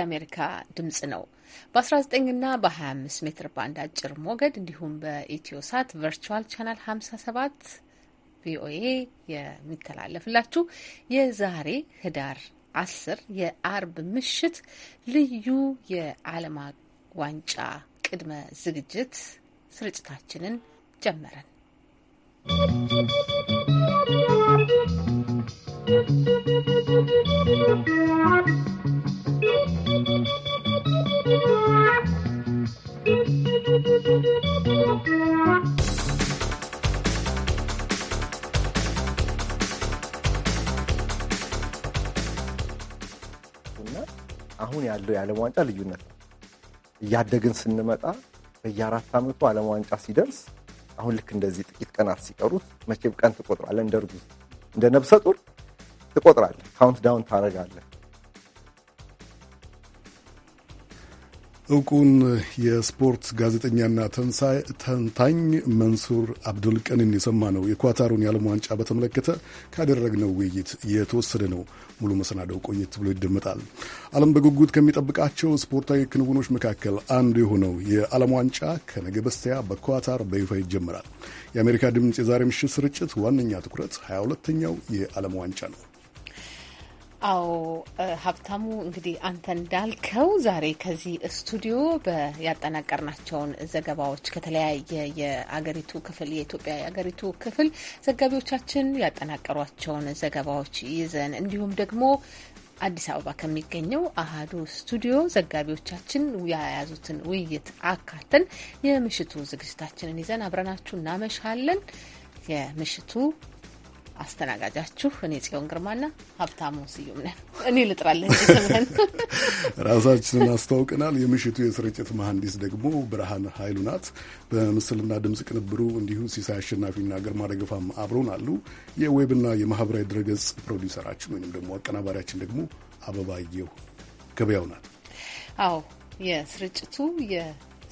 የአሜሪካ ድምጽ ነው። በ19ና በ25 ሜትር ባንድ አጭር ሞገድ እንዲሁም ሳት ቨርቹዋል ቻናል 57 ቪኦኤ የሚተላለፍላችሁ የዛሬ ህዳር 10 የአርብ ምሽት ልዩ የዓለም ዋንጫ ቅድመ ዝግጅት ስርጭታችንን ጀመረን። ¶¶ አሁን ያለው የዓለም ዋንጫ ልዩነት ነው። እያደግን ስንመጣ በየአራት ዓመቱ ዓለም ዋንጫ ሲደርስ አሁን ልክ እንደዚህ ጥቂት ቀናት ሲቀሩት መቼም ቀን ትቆጥራለህ፣ እንደ እርጉዝ እንደ ነብሰ ጡር ትቆጥራለህ፣ ካውንት ዳውን ታደርጋለህ። እውቁን የስፖርት ጋዜጠኛና ተንታኝ መንሱር አብዱል የሰማ ነው። የኳታሩን የዓለም ዋንጫ በተመለከተ ካደረግነው ውይይት የተወሰደ ነው። ሙሉ መሰናደው ቆየት ብሎ ይደመጣል። ዓለም በጉጉት ከሚጠብቃቸው ስፖርታዊ ክንውኖች መካከል አንዱ የሆነው የዓለም ዋንጫ ከነገ በስቲያ በኳታር በይፋ ይጀምራል። የአሜሪካ ድምፅ የዛሬ ምሽት ስርጭት ዋነኛ ትኩረት 22ተኛው የዓለም ዋንጫ ነው። አዎ ሀብታሙ፣ እንግዲህ አንተ እንዳልከው ዛሬ ከዚህ ስቱዲዮ ያጠናቀርናቸውን ዘገባዎች ከተለያየ የአገሪቱ ክፍል የኢትዮጵያ የአገሪቱ ክፍል ዘጋቢዎቻችን ያጠናቀሯቸውን ዘገባዎች ይዘን እንዲሁም ደግሞ አዲስ አበባ ከሚገኘው አህዱ ስቱዲዮ ዘጋቢዎቻችን የያዙትን ውይይት አካተን የምሽቱ ዝግጅታችንን ይዘን አብረናችሁ እናመሻለን። የምሽቱ አስተናጋጃችሁ እኔ ጽዮን ግርማና ሀብታሙ ስዩም ነን። እኔ ልጥራለን ስምህን ራሳችንን አስተዋውቀናል። የምሽቱ የስርጭት መሐንዲስ ደግሞ ብርሃን ኃይሉ ናት። በምስልና ድምፅ ቅንብሩ እንዲሁ ሲሳይ አሸናፊና ግርማ ደገፋም አብረውን አሉ። የዌብና የማህበራዊ ድረገጽ ፕሮዲውሰራችን ወይም ደግሞ አቀናባሪያችን ደግሞ አበባየሁ ገበያው ናት። አዎ የስርጭቱ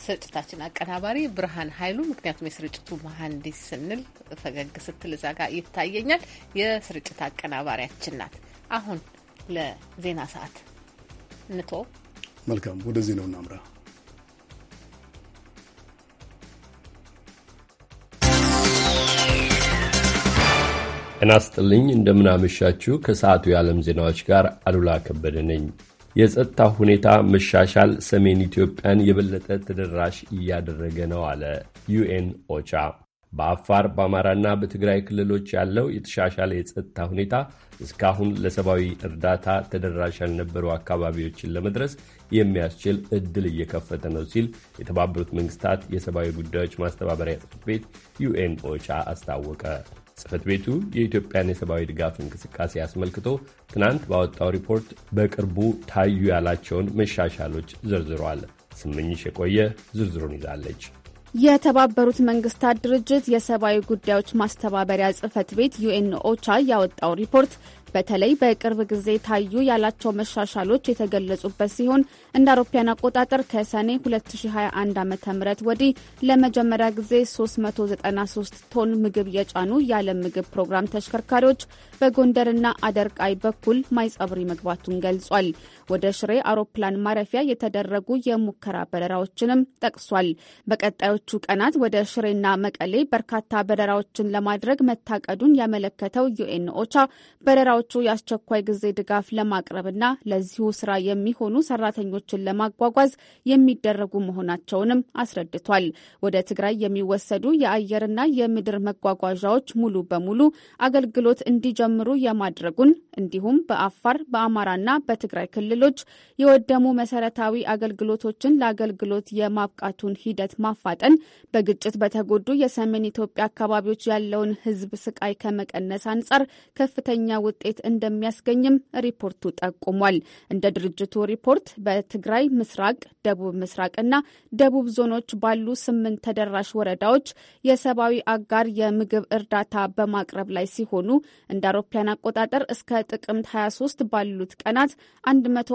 ስርጭታችን አቀናባሪ ብርሃን ኃይሉ ምክንያቱም የስርጭቱ መሀንዲስ ስንል ፈገግ ስትል እዛ ጋር ይታየኛል። የስርጭት አቀናባሪያችን ናት። አሁን ለዜና ሰዓት እንቶ መልካም ወደ ዜናው እናምራ። ጤና ይስጥልኝ እንደምናመሻችሁ። ከሰዓቱ የዓለም ዜናዎች ጋር አሉላ ከበደ ነኝ። የጸጥታ ሁኔታ መሻሻል ሰሜን ኢትዮጵያን የበለጠ ተደራሽ እያደረገ ነው አለ ዩኤን ኦቻ። በአፋር በአማራና በትግራይ ክልሎች ያለው የተሻሻለ የጸጥታ ሁኔታ እስካሁን ለሰብአዊ እርዳታ ተደራሽ ያልነበሩ አካባቢዎችን ለመድረስ የሚያስችል እድል እየከፈተ ነው ሲል የተባበሩት መንግስታት የሰብአዊ ጉዳዮች ማስተባበሪያ ጽሕፈት ቤት ዩኤን ኦቻ አስታወቀ። ጽህፈት ቤቱ የኢትዮጵያን የሰብአዊ ድጋፍ እንቅስቃሴ አስመልክቶ ትናንት ባወጣው ሪፖርት በቅርቡ ታዩ ያላቸውን መሻሻሎች ዘርዝሯል። ስምኝሽ የቆየ ዝርዝሩን ይዛለች። የተባበሩት መንግስታት ድርጅት የሰብአዊ ጉዳዮች ማስተባበሪያ ጽህፈት ቤት ዩኤን ኦቻ ያወጣው ሪፖርት በተለይ በቅርብ ጊዜ ታዩ ያላቸው መሻሻሎች የተገለጹበት ሲሆን እንደ አውሮፓውያን አቆጣጠር ከሰኔ 2021 ዓ.ም ወዲህ ለመጀመሪያ ጊዜ 393 ቶን ምግብ የጫኑ የዓለም ምግብ ፕሮግራም ተሽከርካሪዎች በጎንደርና አደርቃይ በኩል ማይጸብሪ መግባቱን ገልጿል። ወደ ሽሬ አውሮፕላን ማረፊያ የተደረጉ የሙከራ በረራዎችንም ጠቅሷል። በቀጣዮቹ ቀናት ወደ ሽሬና መቀሌ በርካታ በረራዎችን ለማድረግ መታቀዱን ያመለከተው ዩኤን ኦቻ በረራዎቹ የአስቸኳይ ጊዜ ድጋፍ ለማቅረብና ለዚሁ ስራ የሚሆኑ ሰራተኞችን ለማጓጓዝ የሚደረጉ መሆናቸውንም አስረድቷል። ወደ ትግራይ የሚወሰዱ የአየርና የምድር መጓጓዣዎች ሙሉ በሙሉ አገልግሎት እንዲጀምሩ የማድረጉን እንዲሁም በአፋር በአማራና በትግራይ ክልል ክልሎች የወደሙ መሰረታዊ አገልግሎቶችን ለአገልግሎት የማብቃቱን ሂደት ማፋጠን በግጭት በተጎዱ የሰሜን ኢትዮጵያ አካባቢዎች ያለውን ሕዝብ ስቃይ ከመቀነስ አንጻር ከፍተኛ ውጤት እንደሚያስገኝም ሪፖርቱ ጠቁሟል። እንደ ድርጅቱ ሪፖርት በትግራይ ምስራቅ፣ ደቡብ ምስራቅና ደቡብ ዞኖች ባሉ ስምንት ተደራሽ ወረዳዎች የሰብአዊ አጋር የምግብ እርዳታ በማቅረብ ላይ ሲሆኑ እንደ አውሮፓውያን አቆጣጠር እስከ ጥቅምት 23 ባሉት ቀናት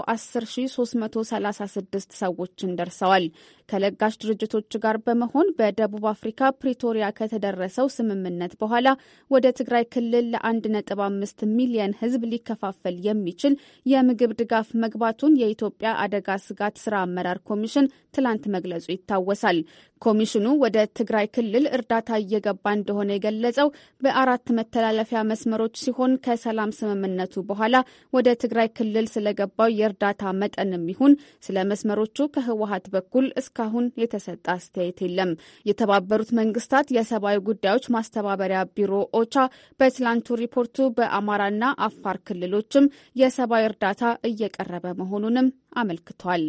110,336 ሰዎችን ደርሰዋል። ተለጋሽ ድርጅቶች ጋር በመሆን በደቡብ አፍሪካ ፕሪቶሪያ ከተደረሰው ስምምነት በኋላ ወደ ትግራይ ክልል ለ1.5 ሚሊየን ሕዝብ ሊከፋፈል የሚችል የምግብ ድጋፍ መግባቱን የኢትዮጵያ አደጋ ስጋት ስራ አመራር ኮሚሽን ትላንት መግለጹ ይታወሳል። ኮሚሽኑ ወደ ትግራይ ክልል እርዳታ እየገባ እንደሆነ የገለጸው በአራት መተላለፊያ መስመሮች ሲሆን ከሰላም ስምምነቱ በኋላ ወደ ትግራይ ክልል ስለገባው የእርዳታ መጠንም ይሁን ስለ መስመሮቹ ከህወሀት በኩል እስከ እስካሁን የተሰጠ አስተያየት የለም። የተባበሩት መንግስታት የሰብአዊ ጉዳዮች ማስተባበሪያ ቢሮ ኦቻ በትላንቱ ሪፖርቱ በአማራና አፋር ክልሎችም የሰብአዊ እርዳታ እየቀረበ መሆኑንም አመልክቷል።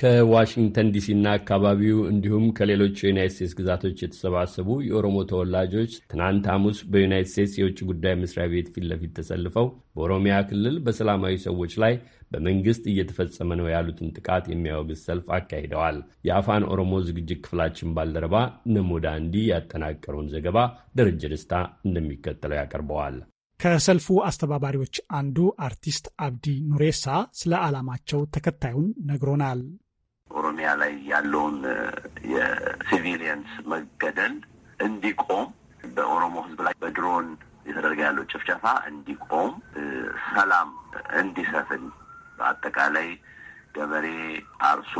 ከዋሽንግተን ዲሲና አካባቢው እንዲሁም ከሌሎች የዩናይት ስቴትስ ግዛቶች የተሰባሰቡ የኦሮሞ ተወላጆች ትናንት ሐሙስ በዩናይት ስቴትስ የውጭ ጉዳይ መስሪያ ቤት ፊት ለፊት ተሰልፈው በኦሮሚያ ክልል በሰላማዊ ሰዎች ላይ በመንግስት እየተፈጸመ ነው ያሉትን ጥቃት የሚያወግዝ ሰልፍ አካሂደዋል። የአፋን ኦሮሞ ዝግጅት ክፍላችን ባልደረባ ነሞዳ እንዲ ያጠናቀረውን ዘገባ ደረጀ ደስታ እንደሚከተለው ያቀርበዋል። ከሰልፉ አስተባባሪዎች አንዱ አርቲስት አብዲ ኑሬሳ ስለ ዓላማቸው ተከታዩን ነግሮናል። ኦሮሚያ ላይ ያለውን የሲቪሊየንስ መገደል እንዲቆም በኦሮሞ ህዝብ ላይ በድሮን የተደረገ ያለው ጭፍጨፋ እንዲቆም፣ ሰላም እንዲሰፍን በአጠቃላይ ገበሬ አርሶ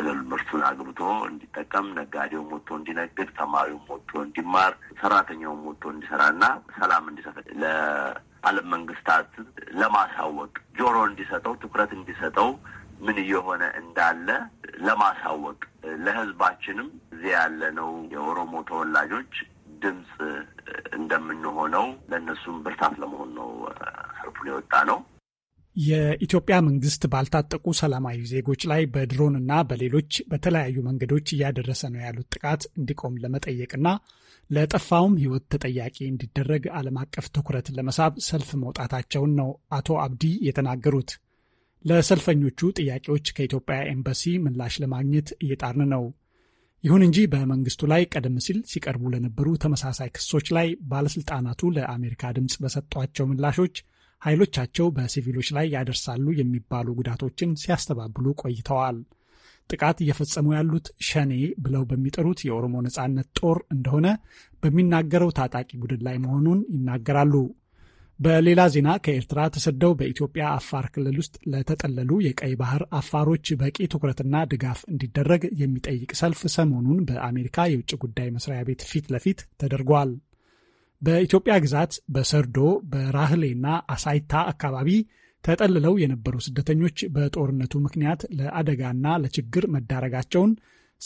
እህል ምርቱን አግብቶ እንዲጠቀም፣ ነጋዴውም ወጥቶ እንዲነግድ፣ ተማሪውም ወጥቶ እንዲማር፣ ሰራተኛውም ወጥቶ እንዲሰራና ሰላም እንዲሰፍን ለዓለም መንግስታት ለማሳወቅ ጆሮ እንዲሰጠው ትኩረት እንዲሰጠው ምን እየሆነ እንዳለ ለማሳወቅ ለህዝባችንም እዚህ ያለነው የኦሮሞ ተወላጆች ድምፅ እንደምንሆነው ለእነሱም ብርታት ለመሆን ነው ሰልፉን የወጣ ነው። የኢትዮጵያ መንግስት ባልታጠቁ ሰላማዊ ዜጎች ላይ በድሮንና በሌሎች በተለያዩ መንገዶች እያደረሰ ነው ያሉት ጥቃት እንዲቆም ለመጠየቅና ለጠፋውም ህይወት ተጠያቂ እንዲደረግ ዓለም አቀፍ ትኩረት ለመሳብ ሰልፍ መውጣታቸውን ነው አቶ አብዲ የተናገሩት። ለሰልፈኞቹ ጥያቄዎች ከኢትዮጵያ ኤምባሲ ምላሽ ለማግኘት እየጣርን ነው። ይሁን እንጂ በመንግስቱ ላይ ቀደም ሲል ሲቀርቡ ለነበሩ ተመሳሳይ ክሶች ላይ ባለስልጣናቱ ለአሜሪካ ድምፅ በሰጧቸው ምላሾች ኃይሎቻቸው በሲቪሎች ላይ ያደርሳሉ የሚባሉ ጉዳቶችን ሲያስተባብሉ ቆይተዋል። ጥቃት እየፈጸሙ ያሉት ሸኔ ብለው በሚጠሩት የኦሮሞ ነጻነት ጦር እንደሆነ በሚናገረው ታጣቂ ቡድን ላይ መሆኑን ይናገራሉ። በሌላ ዜና ከኤርትራ ተሰደው በኢትዮጵያ አፋር ክልል ውስጥ ለተጠለሉ የቀይ ባህር አፋሮች በቂ ትኩረትና ድጋፍ እንዲደረግ የሚጠይቅ ሰልፍ ሰሞኑን በአሜሪካ የውጭ ጉዳይ መስሪያ ቤት ፊት ለፊት ተደርጓል። በኢትዮጵያ ግዛት በሰርዶ በራህሌና አሳይታ አካባቢ ተጠልለው የነበሩ ስደተኞች በጦርነቱ ምክንያት ለአደጋና ለችግር መዳረጋቸውን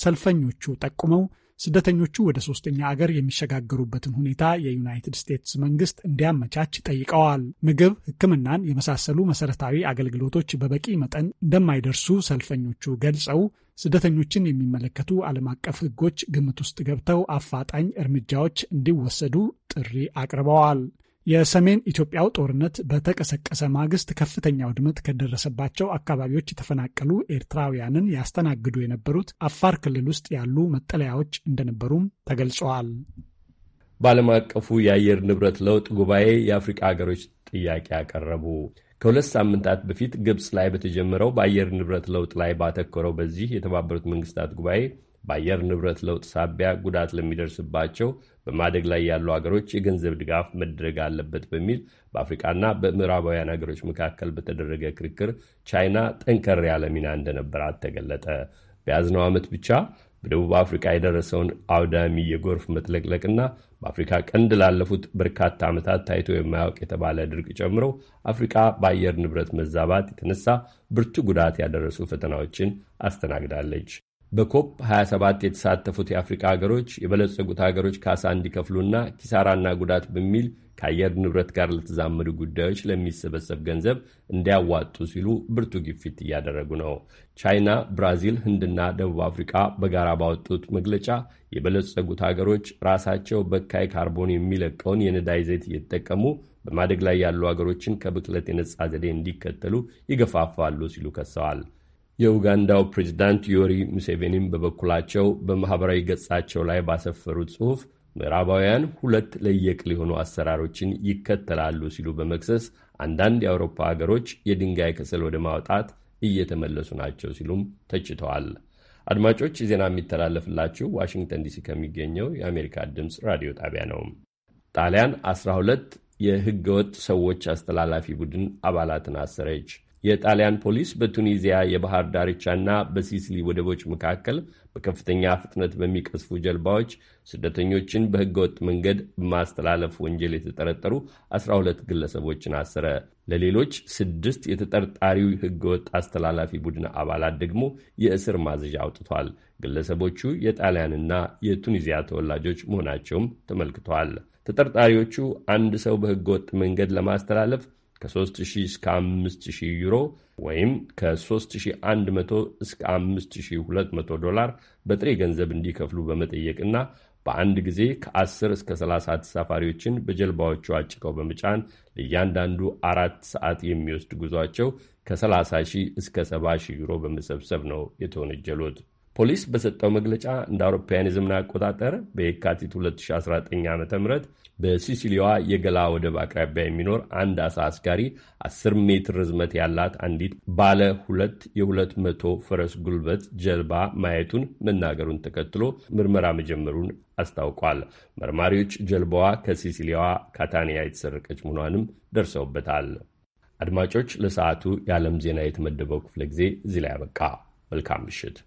ሰልፈኞቹ ጠቁመው ስደተኞቹ ወደ ሶስተኛ አገር የሚሸጋገሩበትን ሁኔታ የዩናይትድ ስቴትስ መንግስት እንዲያመቻች ጠይቀዋል። ምግብ፣ ሕክምናን የመሳሰሉ መሰረታዊ አገልግሎቶች በበቂ መጠን እንደማይደርሱ ሰልፈኞቹ ገልጸው ስደተኞችን የሚመለከቱ ዓለም አቀፍ ሕጎች ግምት ውስጥ ገብተው አፋጣኝ እርምጃዎች እንዲወሰዱ ጥሪ አቅርበዋል። የሰሜን ኢትዮጵያው ጦርነት በተቀሰቀሰ ማግስት ከፍተኛ ውድመት ከደረሰባቸው አካባቢዎች የተፈናቀሉ ኤርትራውያንን ያስተናግዱ የነበሩት አፋር ክልል ውስጥ ያሉ መጠለያዎች እንደነበሩም ተገልጸዋል። በዓለም አቀፉ የአየር ንብረት ለውጥ ጉባኤ የአፍሪቃ ሀገሮች ጥያቄ አቀረቡ። ከሁለት ሳምንታት በፊት ግብፅ ላይ በተጀመረው በአየር ንብረት ለውጥ ላይ ባተኮረው በዚህ የተባበሩት መንግስታት ጉባኤ በአየር ንብረት ለውጥ ሳቢያ ጉዳት ለሚደርስባቸው በማደግ ላይ ያሉ ሀገሮች የገንዘብ ድጋፍ መደረግ አለበት በሚል በአፍሪቃና በምዕራባውያን ሀገሮች መካከል በተደረገ ክርክር ቻይና ጠንከር ያለ ሚና እንደነበራት ተገለጠ። በያዝነው ዓመት ብቻ በደቡብ አፍሪካ የደረሰውን አውዳሚ የጎርፍ መጥለቅለቅና በአፍሪካ ቀንድ ላለፉት በርካታ ዓመታት ታይቶ የማያውቅ የተባለ ድርቅ ጨምሮ አፍሪካ በአየር ንብረት መዛባት የተነሳ ብርቱ ጉዳት ያደረሱ ፈተናዎችን አስተናግዳለች። በኮፕ 27 የተሳተፉት የአፍሪካ ሀገሮች የበለጸጉት ሀገሮች ካሳ እንዲከፍሉና ኪሳራና ጉዳት በሚል ከአየር ንብረት ጋር ለተዛመዱ ጉዳዮች ለሚሰበሰብ ገንዘብ እንዲያዋጡ ሲሉ ብርቱ ግፊት እያደረጉ ነው። ቻይና፣ ብራዚል፣ ህንድና ደቡብ አፍሪካ በጋራ ባወጡት መግለጫ የበለጸጉት ሀገሮች ራሳቸው በካይ ካርቦን የሚለቀውን የነዳጅ ዘይት እየተጠቀሙ በማደግ ላይ ያሉ ሀገሮችን ከብክለት የነጻ ዘዴ እንዲከተሉ ይገፋፋሉ ሲሉ ከሰዋል። የኡጋንዳው ፕሬዚዳንት ዮሪ ሙሴቬኒም በበኩላቸው በማኅበራዊ ገጻቸው ላይ ባሰፈሩት ጽሑፍ ምዕራባውያን ሁለት ለየቅ ሊሆኑ አሰራሮችን ይከተላሉ ሲሉ በመክሰስ አንዳንድ የአውሮፓ አገሮች የድንጋይ ከሰል ወደ ማውጣት እየተመለሱ ናቸው ሲሉም ተችተዋል። አድማጮች ዜና የሚተላለፍላችሁ ዋሽንግተን ዲሲ ከሚገኘው የአሜሪካ ድምፅ ራዲዮ ጣቢያ ነው። ጣሊያን 12 የህገወጥ ሰዎች አስተላላፊ ቡድን አባላትን አሰረች። የጣሊያን ፖሊስ በቱኒዚያ የባህር ዳርቻና በሲሲሊ ወደቦች መካከል በከፍተኛ ፍጥነት በሚቀዝፉ ጀልባዎች ስደተኞችን በሕገወጥ መንገድ በማስተላለፍ ወንጀል የተጠረጠሩ 12 ግለሰቦችን አሰረ። ለሌሎች ስድስት የተጠርጣሪው ሕገወጥ አስተላላፊ ቡድን አባላት ደግሞ የእስር ማዘዣ አውጥቷል። ግለሰቦቹ የጣሊያንና የቱኒዚያ ተወላጆች መሆናቸውም ተመልክተዋል። ተጠርጣሪዎቹ አንድ ሰው በሕገወጥ መንገድ ለማስተላለፍ ከ3000 እስከ 5000 ዩሮ ወይም ከ3100 እስከ 5200 ዶላር በጥሬ ገንዘብ እንዲከፍሉ በመጠየቅና በአንድ ጊዜ ከ10 እስከ 30 ተሳፋሪዎችን በጀልባዎቹ አጭቀው በመጫን ለእያንዳንዱ አራት ሰዓት የሚወስድ ጉዟቸው ከ30 ሺህ እስከ 70 ሺህ ዩሮ በመሰብሰብ ነው የተወነጀሉት። ፖሊስ በሰጠው መግለጫ እንደ አውሮፓውያን የዘመን አቆጣጠር በየካቲት 2019 ዓ ም በሲሲሊዋ የገላ ወደብ አቅራቢያ የሚኖር አንድ አሳ አስጋሪ 10 ሜትር ርዝመት ያላት አንዲት ባለ ሁለት የሁለት መቶ ፈረስ ጉልበት ጀልባ ማየቱን መናገሩን ተከትሎ ምርመራ መጀመሩን አስታውቋል። መርማሪዎች ጀልባዋ ከሲሲሊያዋ ካታንያ የተሰረቀች መሆኗንም ደርሰውበታል። አድማጮች፣ ለሰዓቱ የዓለም ዜና የተመደበው ክፍለ ጊዜ እዚህ ላይ ያበቃ። መልካም ምሽት።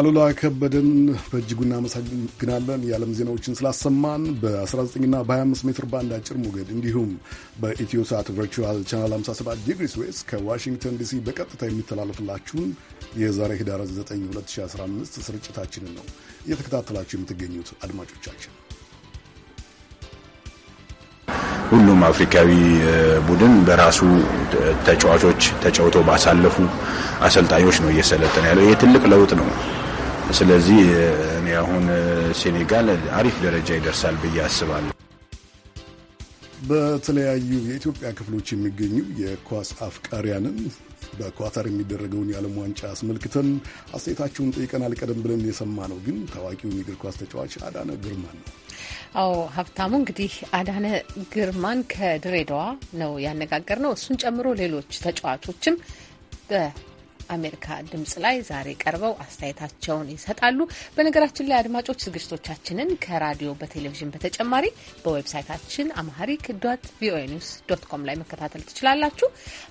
አሉላ ከበደን በእጅጉ እናመሰግናለን። የዓለም ዜናዎችን ስላሰማን በ19ና በ25 ሜትር ባንድ አጭር ሞገድ እንዲሁም በኢትዮ ሳት ቨርቹዋል ቻናል 57 ዲግሪስ ዌስት ከዋሽንግተን ዲሲ በቀጥታ የሚተላለፍላችሁን የዛሬ ህዳር 9 2015 ስርጭታችንን ነው እየተከታተላችሁ የምትገኙት አድማጮቻችን። ሁሉም አፍሪካዊ ቡድን በራሱ ተጫዋቾች ተጫውተው ባሳለፉ አሰልጣኞች ነው እየሰለጠነ ያለው። ይህ ትልቅ ለውጥ ነው። ስለዚህ እኔ አሁን ሴኔጋል አሪፍ ደረጃ ይደርሳል ብዬ አስባለሁ። በተለያዩ የኢትዮጵያ ክፍሎች የሚገኙ የኳስ አፍቃሪያንን በኳታር የሚደረገውን የዓለም ዋንጫ አስመልክተን አስተያየታችሁን ጠይቀናል። ቀደም ብለን የሰማ ነው ግን ታዋቂውን የእግር ኳስ ተጫዋች አዳነ ግርማን ነው። አዎ ሀብታሙ፣ እንግዲህ አዳነ ግርማን ከድሬዳዋ ነው ያነጋገር ነው። እሱን ጨምሮ ሌሎች ተጫዋቾችም አሜሪካ ድምጽ ላይ ዛሬ ቀርበው አስተያየታቸውን ይሰጣሉ። በነገራችን ላይ አድማጮች ዝግጅቶቻችንን ከራዲዮ በቴሌቪዥን በተጨማሪ በዌብሳይታችን አምሃሪክ ዶት ቪኦኤ ኒውስ ዶት ኮም ላይ መከታተል ትችላላችሁ።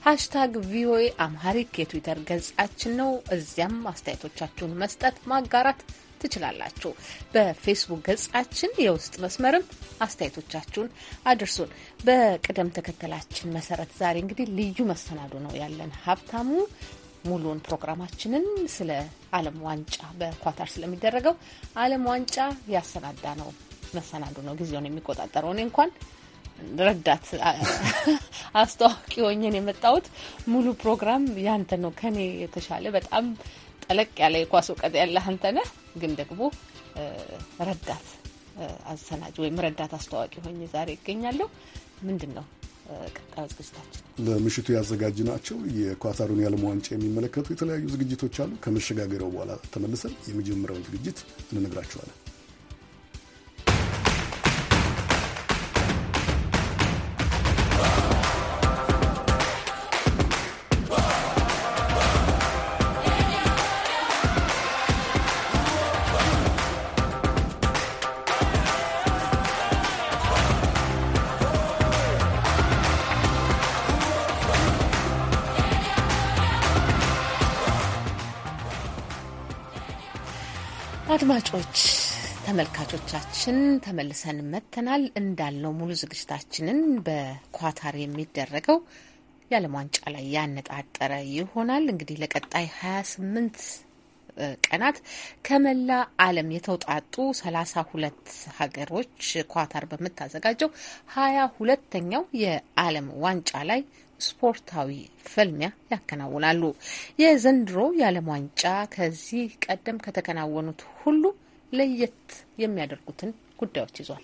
ሀሽታግ ቪኦኤ አምሃሪክ የትዊተር ገጻችን ነው። እዚያም አስተያየቶቻችሁን መስጠት፣ ማጋራት ትችላላችሁ። በፌስቡክ ገጻችን የውስጥ መስመርም አስተያየቶቻችሁን አድርሱን። በቅደም ተከተላችን መሰረት ዛሬ እንግዲህ ልዩ መሰናዶ ነው ያለን ሀብታሙ ሙሉን ፕሮግራማችንን ስለ ዓለም ዋንጫ በኳታር ስለሚደረገው ዓለም ዋንጫ ያሰናዳ ነው መሰናዱ ነው ጊዜውን የሚቆጣጠረው። እኔ እንኳን ረዳት አስተዋቂ ሆኜን የመጣሁት ሙሉ ፕሮግራም ያንተ ነው። ከኔ የተሻለ በጣም ጠለቅ ያለ የኳስ እውቀት ያለ አንተ ነህ፣ ግን ደግሞ ረዳት አሰናጅ ወይም ረዳት አስተዋቂ ሆኜ ዛሬ ይገኛለሁ። ምንድን ነው ቀጣዩ ዝግጅታችን ለምሽቱ ያዘጋጅናቸው የኳታሩን የዓለም ዋንጫ የሚመለከቱ የተለያዩ ዝግጅቶች አሉ። ከመሸጋገሪያው በኋላ ተመልሰን የመጀመሪያውን ዝግጅት እንነግራችኋለን። አድማጮች ተመልካቾቻችን ተመልሰን መጥተናል። እንዳልነው ሙሉ ዝግጅታችንን በኳታር የሚደረገው የዓለም ዋንጫ ላይ ያነጣጠረ ይሆናል። እንግዲህ ለቀጣይ 28 ቀናት ከመላ ዓለም የተውጣጡ ሰላሳ ሁለት ሀገሮች ኳታር በምታዘጋጀው 22 ሁለተኛው የዓለም ዋንጫ ላይ ስፖርታዊ ፍልሚያ ያከናውናሉ። የዘንድሮ የዓለም ዋንጫ ከዚህ ቀደም ከተከናወኑት ሁሉ ለየት የሚያደርጉትን ጉዳዮች ይዟል።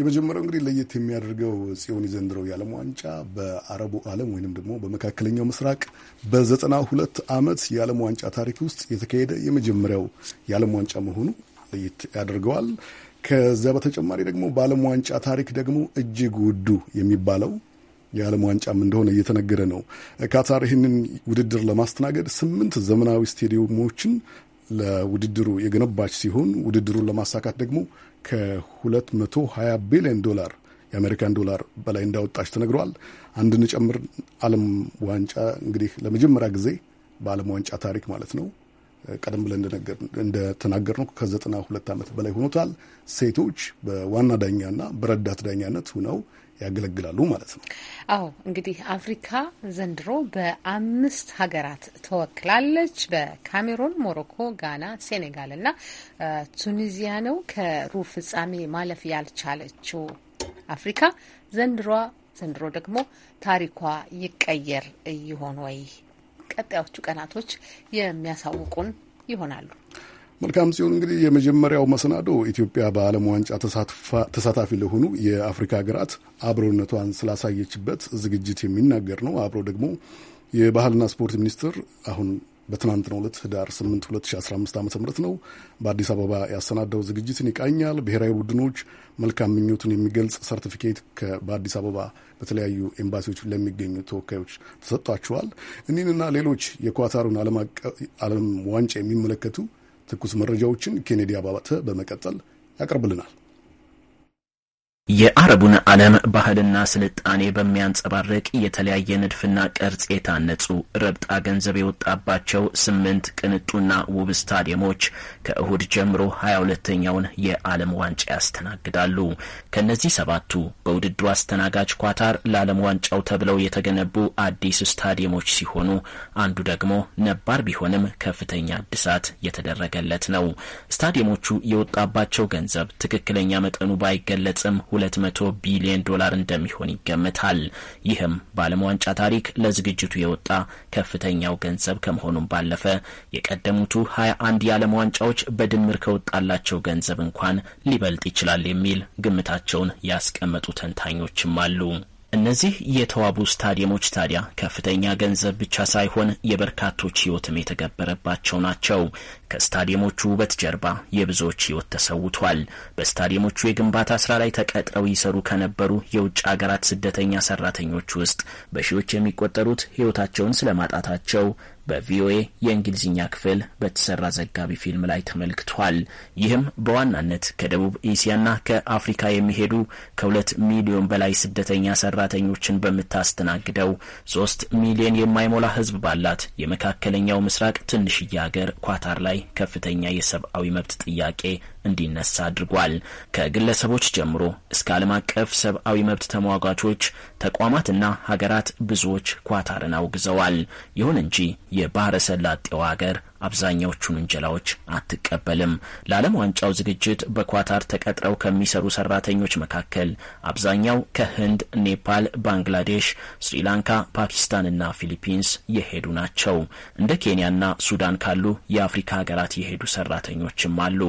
የመጀመሪያው እንግዲህ ለየት የሚያደርገው ጽዮን የዘንድሮው የዓለም ዋንጫ በአረቡ ዓለም ወይንም ደግሞ በመካከለኛው ምስራቅ በዘጠና ሁለት ዓመት የዓለም ዋንጫ ታሪክ ውስጥ የተካሄደ የመጀመሪያው የዓለም ዋንጫ መሆኑ ለየት ያደርገዋል። ከዚያ በተጨማሪ ደግሞ በዓለም ዋንጫ ታሪክ ደግሞ እጅግ ውዱ የሚባለው የዓለም ዋንጫም እንደሆነ እየተነገረ ነው። ካታር ይህንን ውድድር ለማስተናገድ ስምንት ዘመናዊ ስቴዲየሞችን ለውድድሩ የገነባች ሲሆን ውድድሩን ለማሳካት ደግሞ ከ220 ቢሊዮን ዶላር የአሜሪካን ዶላር በላይ እንዳወጣች ተነግረዋል። አንድን ጨምር ዓለም ዋንጫ እንግዲህ ለመጀመሪያ ጊዜ በዓለም ዋንጫ ታሪክ ማለት ነው ቀደም ብለን እንደተናገር ነው ከዘጠና ሁለት ዓመት በላይ ሆኖታል። ሴቶች በዋና ዳኛና በረዳት ዳኛነት ሁነው ያገለግላሉ ማለት ነው። አዎ እንግዲህ አፍሪካ ዘንድሮ በአምስት ሀገራት ተወክላለች። በካሜሩን፣ ሞሮኮ፣ ጋና፣ ሴኔጋል እና ቱኒዚያ ነው። ከሩብ ፍጻሜ ማለፍ ያልቻለችው አፍሪካ ዘንድሯ ዘንድሮ ደግሞ ታሪኳ ይቀየር ይሆን ወይ? ቀጣዮቹ ቀናቶች የሚያሳውቁን ይሆናሉ። መልካም ሲሆን እንግዲህ የመጀመሪያው መሰናዶ ኢትዮጵያ በዓለም ዋንጫ ተሳታፊ ለሆኑ የአፍሪካ ሀገራት አብሮነቷን ስላሳየችበት ዝግጅት የሚናገር ነው። አብሮ ደግሞ የባህልና ስፖርት ሚኒስቴር አሁን በትናንትናው ዕለት ህዳር 8 2015 ዓ ም ነው በአዲስ አበባ ያሰናዳው ዝግጅትን ይቃኛል። ብሔራዊ ቡድኖች መልካም ምኞቱን የሚገልጽ ሰርቲፊኬት በአዲስ አበባ በተለያዩ ኤምባሲዎች ለሚገኙ ተወካዮች ተሰጥቷቸዋል። እኒህንና ሌሎች የኳታሩን ዓለም ዋንጫ የሚመለከቱ ትኩስ መረጃዎችን ኬኔዲ አባተ በመቀጠል ያቀርብልናል። የአረቡን ዓለም ባህልና ስልጣኔ በሚያንጸባርቅ የተለያየ ንድፍና ቅርጽ የታነጹ ረብጣ ገንዘብ የወጣባቸው ስምንት ቅንጡና ውብ ስታዲየሞች ከእሁድ ጀምሮ ሀያ ሁለተኛውን የዓለም ዋንጫ ያስተናግዳሉ። ከእነዚህ ሰባቱ በውድድሩ አስተናጋጅ ኳታር ለዓለም ዋንጫው ተብለው የተገነቡ አዲስ ስታዲየሞች ሲሆኑ አንዱ ደግሞ ነባር ቢሆንም ከፍተኛ እድሳት የተደረገለት ነው። ስታዲየሞቹ የወጣባቸው ገንዘብ ትክክለኛ መጠኑ ባይገለጽም 200 ቢሊዮን ዶላር እንደሚሆን ይገመታል። ይህም በዓለም ዋንጫ ታሪክ ለዝግጅቱ የወጣ ከፍተኛው ገንዘብ ከመሆኑም ባለፈ የቀደሙቱ 21 የዓለም ዋንጫዎች በድምር ከወጣላቸው ገንዘብ እንኳን ሊበልጥ ይችላል የሚል ግምታቸውን ያስቀመጡ ተንታኞችም አሉ። እነዚህ የተዋቡ ስታዲየሞች ታዲያ ከፍተኛ ገንዘብ ብቻ ሳይሆን የበርካቶች ሕይወትም የተገበረባቸው ናቸው። ከስታዲየሞቹ ውበት ጀርባ የብዙዎች ሕይወት ተሰውቷል። በስታዲየሞቹ የግንባታ ስራ ላይ ተቀጥረው ይሰሩ ከነበሩ የውጭ ሀገራት ስደተኛ ሰራተኞች ውስጥ በሺዎች የሚቆጠሩት ሕይወታቸውን ስለማጣታቸው በቪኦኤ የእንግሊዝኛ ክፍል በተሰራ ዘጋቢ ፊልም ላይ ተመልክቷል። ይህም በዋናነት ከደቡብ ኤስያና ከአፍሪካ የሚሄዱ ከሁለት ሚሊዮን በላይ ስደተኛ ሰራተኞችን በምታስተናግደው ሶስት ሚሊዮን የማይሞላ ሕዝብ ባላት የመካከለኛው ምስራቅ ትንሽዬ ሀገር ኳታር ላይ ከፍተኛ የሰብአዊ መብት ጥያቄ እንዲነሳ አድርጓል። ከግለሰቦች ጀምሮ እስከ ዓለም አቀፍ ሰብአዊ መብት ተሟጋቾች፣ ተቋማትና ሀገራት ብዙዎች ኳታርን አውግዘዋል። ይሁን እንጂ የባህረ ሰላጤው ሀገር አብዛኛዎቹን ውንጀላዎች አትቀበልም። ለዓለም ዋንጫው ዝግጅት በኳታር ተቀጥረው ከሚሰሩ ሰራተኞች መካከል አብዛኛው ከህንድ፣ ኔፓል፣ ባንግላዴሽ፣ ስሪላንካ፣ ፓኪስታንና ፊሊፒንስ የሄዱ ናቸው። እንደ ኬንያና ሱዳን ካሉ የአፍሪካ ሀገራት የሄዱ ሰራተኞችም አሉ።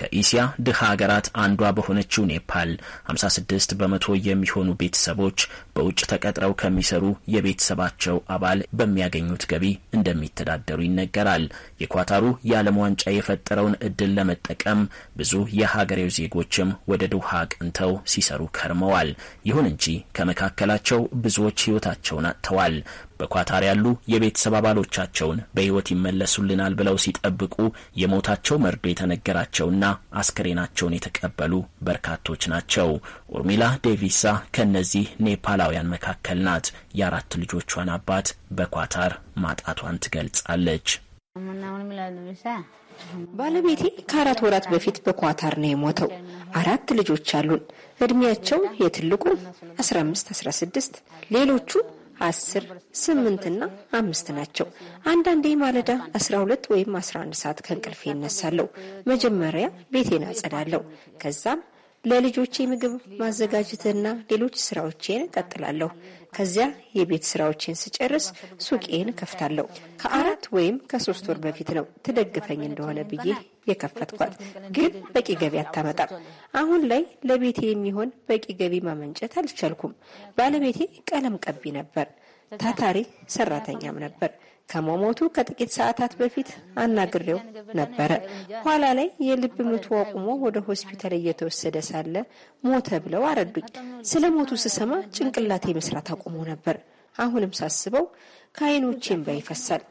ከኢሲያ ድሃ ሀገራት አንዷ በሆነችው ኔፓል 56 በመቶ የሚሆኑ ቤተሰቦች በውጭ ተቀጥረው ከሚሰሩ የቤተሰባቸው አባል በሚያገኙት ገቢ እንደሚተዳደሩ ይነገራል። የኳታሩ የዓለም ዋንጫ የፈጠረውን እድል ለመጠቀም ብዙ የሀገሬው ዜጎችም ወደ ዱሃ አቅንተው ሲሰሩ ከርመዋል። ይሁን እንጂ ከመካከላቸው ብዙዎች ሕይወታቸውን አጥተዋል። በኳታር ያሉ የቤተሰብ አባሎቻቸውን በሕይወት ይመለሱልናል ብለው ሲጠብቁ የሞታቸው መርዶ የተነገራቸውና አስከሬናቸውን የተቀበሉ በርካቶች ናቸው። ኡርሚላ ዴቪሳ ከእነዚህ ኔፓላውያን መካከል ናት። የአራት ልጆቿን አባት በኳታር ማጣቷን ትገልጻለች። ባለቤቴ ከአራት ወራት በፊት በኳታር ነው የሞተው። አራት ልጆች አሉን። እድሜያቸው የትልቁ 15፣ 16 ሌሎቹ አስር ስምንትና አምስት ናቸው። አንዳንዴ ማለዳ አስራ ሁለት ወይም አስራ አንድ ሰዓት ከእንቅልፌ እነሳለሁ። መጀመሪያ ቤቴን አጸዳለሁ። ከዛም ለልጆቼ ምግብ ማዘጋጀትና ሌሎች ስራዎቼን እቀጥላለሁ። ከዚያ የቤት ስራዎችን ስጨርስ ሱቄን ከፍታለሁ። ከአራት ወይም ከሶስት ወር በፊት ነው ትደግፈኝ እንደሆነ ብዬ የከፈትኳት፣ ግን በቂ ገቢ አታመጣም። አሁን ላይ ለቤቴ የሚሆን በቂ ገቢ ማመንጨት አልቻልኩም። ባለቤቴ ቀለም ቀቢ ነበር። ታታሪ ሰራተኛም ነበር። ከመሞቱ ከጥቂት ሰዓታት በፊት አናግሬው ነበረ። ኋላ ላይ የልብ ምቱ አቁሞ ወደ ሆስፒታል እየተወሰደ ሳለ ሞተ ብለው አረዱኝ። ስለ ሞቱ ስሰማ ጭንቅላቴ መስራት አቁሞ ነበር። አሁንም ሳስበው ከዓይኖቼ እንባ ይፈሳል።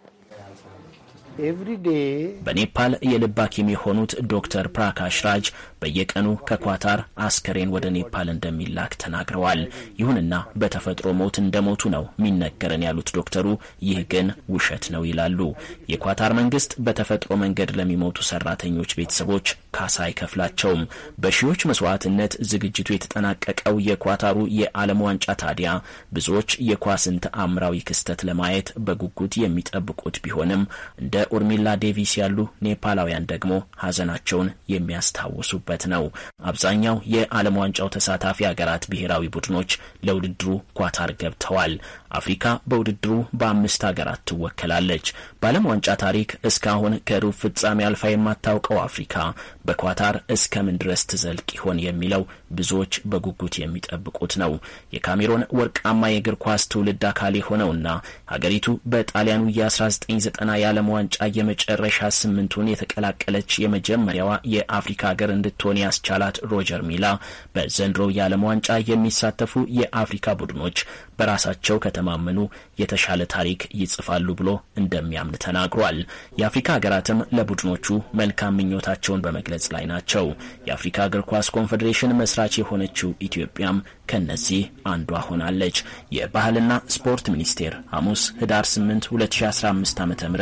በኔፓል የልብ ሐኪም የሆኑት ዶክተር ፕራካሽ ራጅ በየቀኑ ከኳታር አስከሬን ወደ ኔፓል እንደሚላክ ተናግረዋል። ይሁንና በተፈጥሮ ሞት እንደሞቱ ነው የሚነገረን ያሉት ዶክተሩ ይህ ግን ውሸት ነው ይላሉ። የኳታር መንግስት በተፈጥሮ መንገድ ለሚሞቱ ሰራተኞች ቤተሰቦች ካሳ አይከፍላቸውም። በሺዎች መስዋዕትነት ዝግጅቱ የተጠናቀቀው የኳታሩ የዓለም ዋንጫ ታዲያ ብዙዎች የኳስን ተአምራዊ ክስተት ለማየት በጉጉት የሚጠብቁት ቢሆንም እንደ ኡርሚላ ዴቪስ ያሉ ኔፓላውያን ደግሞ ሀዘናቸውን የሚያስታውሱበት ነው። አብዛኛው የዓለም ዋንጫው ተሳታፊ ሀገራት ብሔራዊ ቡድኖች ለውድድሩ ኳታር ገብተዋል። አፍሪካ በውድድሩ በአምስት ሀገራት ትወከላለች። በዓለም ዋንጫ ታሪክ እስካሁን ከሩብ ፍጻሜ አልፋ የማታውቀው አፍሪካ በኳታር እስከምን ድረስ ትዘልቅ ይሆን የሚለው ብዙዎች በጉጉት የሚጠብቁት ነው። የካሜሮን ወርቃማ የእግር ኳስ ትውልድ አካል የሆነውና ሀገሪቱ በጣሊያኑ የ1990 የዓለም ዋንጫ ዋንጫ የመጨረሻ ስምንቱን የተቀላቀለች የመጀመሪያዋ የአፍሪካ ሀገር እንድትሆን ያስቻላት ሮጀር ሚላ በዘንድሮ የዓለም ዋንጫ የሚሳተፉ የአፍሪካ ቡድኖች በራሳቸው ከተማመኑ የተሻለ ታሪክ ይጽፋሉ ብሎ እንደሚያምን ተናግሯል። የአፍሪካ ሀገራትም ለቡድኖቹ መልካም ምኞታቸውን በመግለጽ ላይ ናቸው። የአፍሪካ እግር ኳስ ኮንፌዴሬሽን መስራች የሆነችው ኢትዮጵያም ከነዚህ አንዷ ሆናለች። የባህልና ስፖርት ሚኒስቴር ሐሙስ ህዳር 8 2015 ዓ ም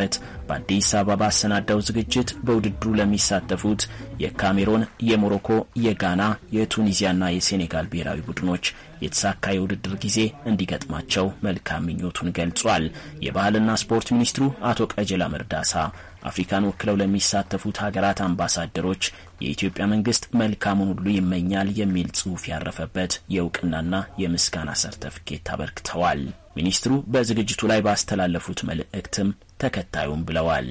በአዲስ አበባ ባሰናዳው ዝግጅት በውድድሩ ለሚሳተፉት የካሜሮን፣ የሞሮኮ፣ የጋና፣ የቱኒዚያና የሴኔጋል ብሔራዊ ቡድኖች የተሳካ የውድድር ጊዜ እንዲገጥማቸው መልካም ምኞቱን ገልጿል። የባህልና ስፖርት ሚኒስትሩ አቶ ቀጀላ መርዳሳ አፍሪካን ወክለው ለሚሳተፉት ሀገራት አምባሳደሮች የኢትዮጵያ መንግስት መልካሙን ሁሉ ይመኛል የሚል ጽሑፍ ያረፈበት የእውቅናና የምስጋና ሰርተፍኬት አበርክተዋል። ሚኒስትሩ በዝግጅቱ ላይ ባስተላለፉት መልእክትም ተከታዩም ብለዋል።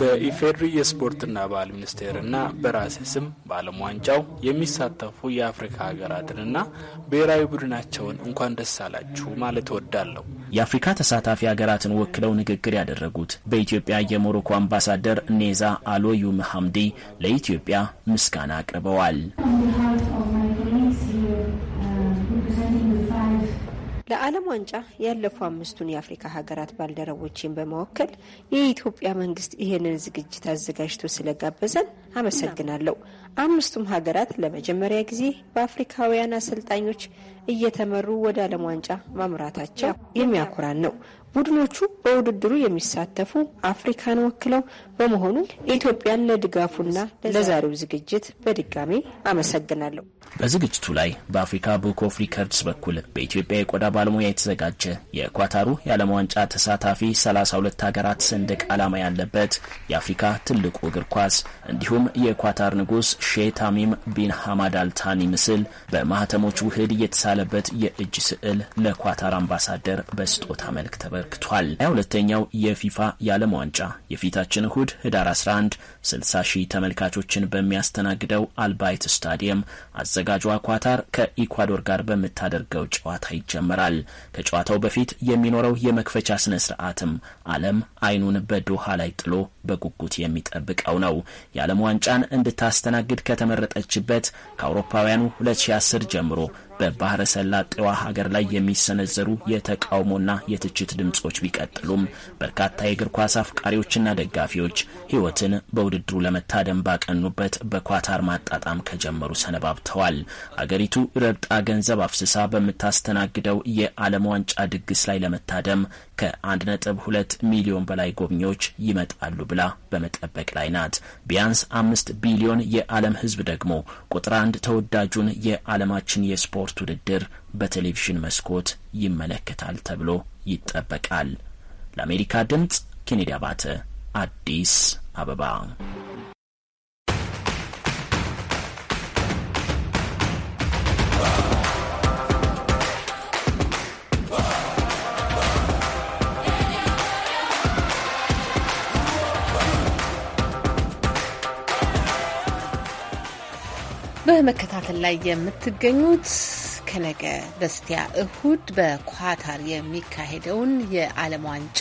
በኢፌድሪ የስፖርትና ባህል ሚኒስቴርና በራሴ ስም በዓለም ዋንጫው የሚሳተፉ የአፍሪካ ሀገራትንና ብሔራዊ ቡድናቸውን እንኳን ደስ አላችሁ ማለት እወዳለሁ። የአፍሪካ ተሳታፊ ሀገራትን ወክለው ንግግር ያደረጉት በኢትዮጵያ የሞሮኮ አምባሳደር ኔዛ አሎዩ መሐምዲ ለኢትዮጵያ ምስጋና አቅርበዋል። ለዓለም ዋንጫ ያለፉ አምስቱን የአፍሪካ ሀገራት ባልደረቦችን በመወከል የኢትዮጵያ መንግስት ይህንን ዝግጅት አዘጋጅቶ ስለጋበዘን አመሰግናለሁ። አምስቱም ሀገራት ለመጀመሪያ ጊዜ በአፍሪካውያን አሰልጣኞች እየተመሩ ወደ ዓለም ዋንጫ ማምራታቸው የሚያኮራን ነው። ቡድኖቹ በውድድሩ የሚሳተፉ አፍሪካን ወክለው በመሆኑ ኢትዮጵያን ለድጋፉና ለዛሬው ዝግጅት በድጋሚ አመሰግናለሁ። በዝግጅቱ ላይ በአፍሪካ ቡክ ኦፍ ሪከርድስ በኩል በኢትዮጵያ የቆዳ ባለሙያ የተዘጋጀ የኳታሩ የዓለም ዋንጫ ተሳታፊ 32 ሀገራት ሰንደቅ ዓላማ ያለበት የአፍሪካ ትልቁ እግር ኳስ እንዲሁም የኳታር ንጉሥ ሼህ ታሚም ቢን ሐማድ አልታኒ ምስል በማህተሞች ውህድ የተሳለበት የእጅ ስዕል ለኳታር አምባሳደር በስጦታ መልክ ተበርክቷል። ሀያ ሁለተኛው የፊፋ የዓለም ዋንጫ የፊታችን እሁድ ህዳር 11 60 ሺህ ተመልካቾችን በሚያስተናግደው አልባይት ስታዲየም አዘጋጇ ኳታር ከኢኳዶር ጋር በምታደርገው ጨዋታ ይጀምራል። ከጨዋታው በፊት የሚኖረው የመክፈቻ ስነ ስርዓትም ዓለም አይኑን በዶሃ ላይ ጥሎ በጉጉት የሚጠብቀው ነው። የዓለም ዋንጫን እንድታስተናግድ ለማስወገድ ከተመረጠችበት ከአውሮፓውያኑ 2010 ጀምሮ በባህረ ሰላጤዋ ሀገር ላይ የሚሰነዘሩ የተቃውሞና የትችት ድምጾች ቢቀጥሉም በርካታ የእግር ኳስ አፍቃሪዎችና ደጋፊዎች ሕይወትን በውድድሩ ለመታደም ባቀኑበት በኳታር ማጣጣም ከጀመሩ ሰነባብተዋል። አገሪቱ ረብጣ ገንዘብ አፍስሳ በምታስተናግደው የዓለም ዋንጫ ድግስ ላይ ለመታደም ከ1.2 ሚሊዮን በላይ ጎብኚዎች ይመጣሉ ብላ በመጠበቅ ላይ ናት። ቢያንስ አምስት ቢሊዮን የዓለም ሕዝብ ደግሞ ቁጥር አንድ ተወዳጁን የዓለማችን የስፖርት የስፖርት ውድድር በቴሌቪዥን መስኮት ይመለከታል ተብሎ ይጠበቃል። ለአሜሪካ ድምፅ ኬኔዲ አባተ አዲስ አበባ በመከታተል ላይ የምትገኙት ከነገ በስቲያ እሁድ በኳታር የሚካሄደውን የዓለም ዋንጫ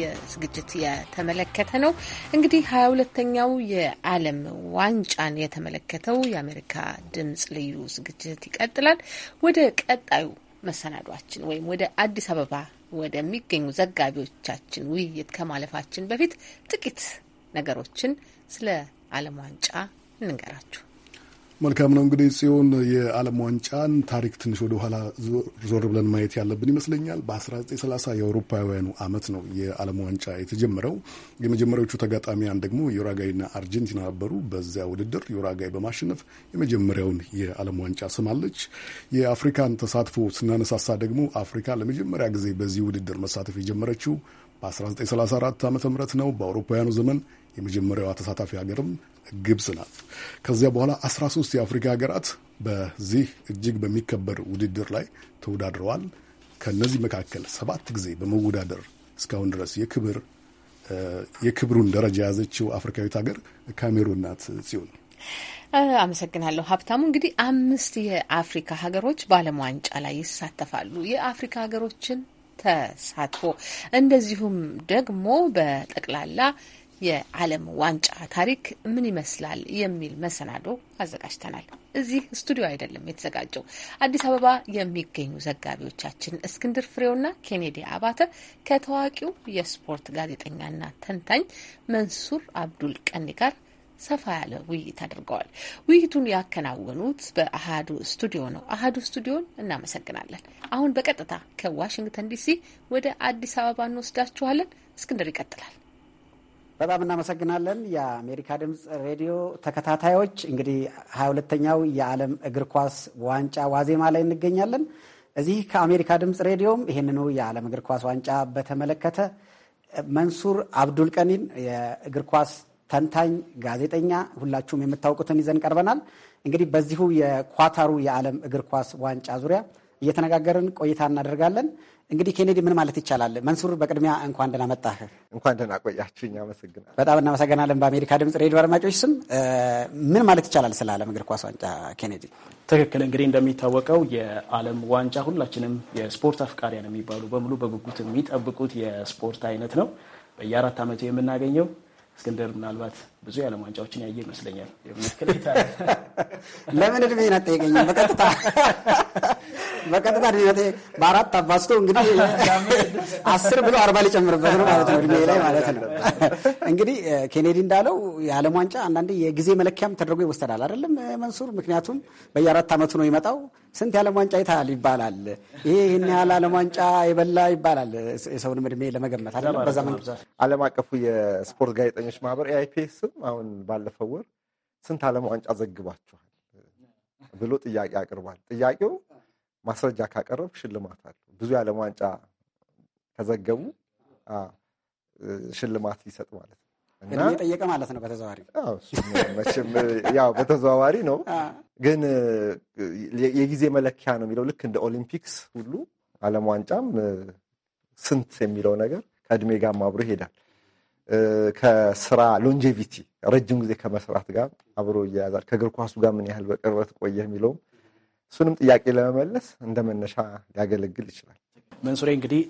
የዝግጅት የተመለከተ ነው። እንግዲህ ሀያ ሁለተኛው የዓለም ዋንጫን የተመለከተው የአሜሪካ ድምጽ ልዩ ዝግጅት ይቀጥላል። ወደ ቀጣዩ መሰናዷችን ወይም ወደ አዲስ አበባ ወደሚገኙ ዘጋቢዎቻችን ውይይት ከማለፋችን በፊት ጥቂት ነገሮችን ስለ ዓለም ዋንጫ እንንገራችሁ። መልካም ነው እንግዲህ ጽዮን፣ የዓለም ዋንጫን ታሪክ ትንሽ ወደ ኋላ ዞር ብለን ማየት ያለብን ይመስለኛል። በ1930 የአውሮፓውያኑ አመት ነው የዓለም ዋንጫ የተጀመረው። የመጀመሪያዎቹ ተጋጣሚያን ደግሞ ዩራጋይና አርጀንቲና ነበሩ። በዚያ ውድድር ዩራጋይ በማሸነፍ የመጀመሪያውን የዓለም ዋንጫ ስማለች። የአፍሪካን ተሳትፎ ስናነሳሳ ደግሞ አፍሪካ ለመጀመሪያ ጊዜ በዚህ ውድድር መሳተፍ የጀመረችው በ1934 ዓ ም ነው በአውሮፓውያኑ ዘመን የመጀመሪያዋ ተሳታፊ ሀገርም ግብጽ ናት። ከዚያ በኋላ 13 የአፍሪካ ሀገራት በዚህ እጅግ በሚከበር ውድድር ላይ ተወዳድረዋል። ከእነዚህ መካከል ሰባት ጊዜ በመወዳደር እስካሁን ድረስ የክብር የክብሩን ደረጃ የያዘችው አፍሪካዊት ሀገር ካሜሩን ናት። ሲሆን አመሰግናለሁ ሀብታሙ። እንግዲህ አምስት የአፍሪካ ሀገሮች በዓለም ዋንጫ ላይ ይሳተፋሉ። የአፍሪካ ሀገሮችን ተሳትፎ እንደዚሁም ደግሞ በጠቅላላ የዓለም ዋንጫ ታሪክ ምን ይመስላል የሚል መሰናዶ አዘጋጅተናል። እዚህ ስቱዲዮ አይደለም የተዘጋጀው። አዲስ አበባ የሚገኙ ዘጋቢዎቻችን እስክንድር ፍሬውና ኬኔዲ አባተ ከታዋቂው የስፖርት ጋዜጠኛና ተንታኝ መንሱር አብዱል ቀኒ ጋር ሰፋ ያለ ውይይት አድርገዋል። ውይይቱን ያከናወኑት በአሃዱ ስቱዲዮ ነው። አሃዱ ስቱዲዮን እናመሰግናለን። አሁን በቀጥታ ከዋሽንግተን ዲሲ ወደ አዲስ አበባ እንወስዳችኋለን። እስክንድር ይቀጥላል። በጣም እናመሰግናለን። የአሜሪካ ድምፅ ሬዲዮ ተከታታዮች እንግዲህ ሀያ ሁለተኛው የዓለም እግር ኳስ ዋንጫ ዋዜማ ላይ እንገኛለን። እዚህ ከአሜሪካ ድምፅ ሬዲዮም ይህንኑ የዓለም እግር ኳስ ዋንጫ በተመለከተ መንሱር አብዱል ቀኒን የእግር ኳስ ተንታኝ ጋዜጠኛ፣ ሁላችሁም የምታውቁትን ይዘን ቀርበናል። እንግዲህ በዚሁ የኳታሩ የዓለም እግር ኳስ ዋንጫ ዙሪያ እየተነጋገርን ቆይታ እናደርጋለን። እንግዲህ ኬኔዲ ምን ማለት ይቻላል? መንሱር በቅድሚያ እንኳን ደህና መጣህ። እንኳን ደህና ቆያችሁኝ። አመሰግናለሁ። በጣም እናመሰግናለን። በአሜሪካ ድምፅ ሬዲዮ አድማጮች ስም ምን ማለት ይቻላል ስለ ዓለም እግር ኳስ ዋንጫ ኬኔዲ? ትክክል። እንግዲህ እንደሚታወቀው የዓለም ዋንጫ ሁላችንም የስፖርት አፍቃሪያን የሚባሉ በሙሉ በጉጉት የሚጠብቁት የስፖርት አይነት ነው። በየአራት ዓመቱ የምናገኘው እስክንድር ምናልባት ብዙ የዓለም ዋንጫዎችን ያየ ይመስለኛል። ለምን እድሜን አጠየቀኝም? በቀጥታ በቀጥታ በአራት አባስቶ እንግዲህ አስር ብሎ አርባ ሊጨምርበት ነው ማለት ነው፣ እድሜ ላይ ማለት ነው። እንግዲህ ኬኔዲ እንዳለው የዓለም ዋንጫ አንዳንዴ የጊዜ መለኪያም ተደርጎ ይወሰዳል አይደለም መንሱር? ምክንያቱም በየአራት ዓመቱ ነው ይመጣው። ስንት የዓለም ዋንጫ ይታል ይባላል። ይሄ ይህን ያህል ዓለም ዋንጫ የበላ ይባላል። የሰውንም እድሜ ለመገመት አይደለም። ዓለም አቀፉ የስፖርት ጋዜጠኞች ማህበር ኤአይፒኤስ መንግስትም አሁን ባለፈው ወር ስንት ዓለም ዋንጫ ዘግባችኋል ብሎ ጥያቄ አቅርቧል። ጥያቄው ማስረጃ ካቀረብ ሽልማት አለ። ብዙ የዓለም ዋንጫ ከዘገቡ ሽልማት ይሰጥ ማለት ነው ጠየቀ ማለት ነው። በተዘዋዋሪ መቼም ያው በተዘዋዋሪ ነው፣ ግን የጊዜ መለኪያ ነው የሚለው ልክ እንደ ኦሊምፒክስ ሁሉ ዓለም ዋንጫም ስንት የሚለው ነገር ከእድሜ ጋር አብሮ ይሄዳል። ከስራ ሎንጀቪቲ ረጅም ጊዜ ከመስራት ጋር አብሮ እያያዛል። ከእግር ኳሱ ጋር ምን ያህል በቅርበት ቆየ የሚለውም እሱንም ጥያቄ ለመመለስ እንደ መነሻ ሊያገለግል ይችላል። መንሱሬ እንግዲህ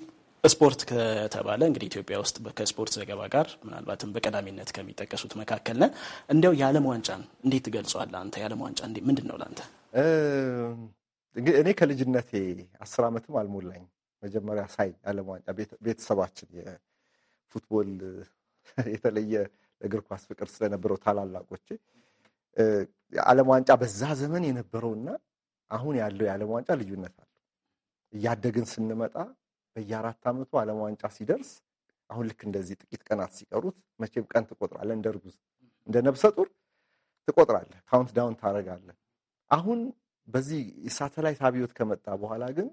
ስፖርት ከተባለ እንግዲህ ኢትዮጵያ ውስጥ ከስፖርት ዘገባ ጋር ምናልባትም በቀዳሚነት ከሚጠቀሱት መካከል ነህ። እንዲያው የዓለም ዋንጫን እንዴት ትገልጸዋለህ አንተ? የዓለም ዋንጫ ምንድን ነው ለአንተ? እኔ ከልጅነቴ አስር ዓመትም አልሞላኝ መጀመሪያ ሳይ ዓለም ዋንጫ ቤተሰባችን የፉትቦል የተለየ እግር ኳስ ፍቅር ስለነበረው ታላላቆች የዓለም ዋንጫ በዛ ዘመን የነበረውና አሁን ያለው የዓለም ዋንጫ ልዩነት አለ። እያደግን ስንመጣ በየአራት ዓመቱ ዓለም ዋንጫ ሲደርስ አሁን ልክ እንደዚህ ጥቂት ቀናት ሲቀሩት መቼም ቀን ትቆጥራለህ፣ እንደ እርጉዝ እንደ ነብሰ ጡር ትቆጥራለህ፣ ካውንት ዳውን ታደርጋለህ። አሁን በዚህ ሳተላይት አብዮት ከመጣ በኋላ ግን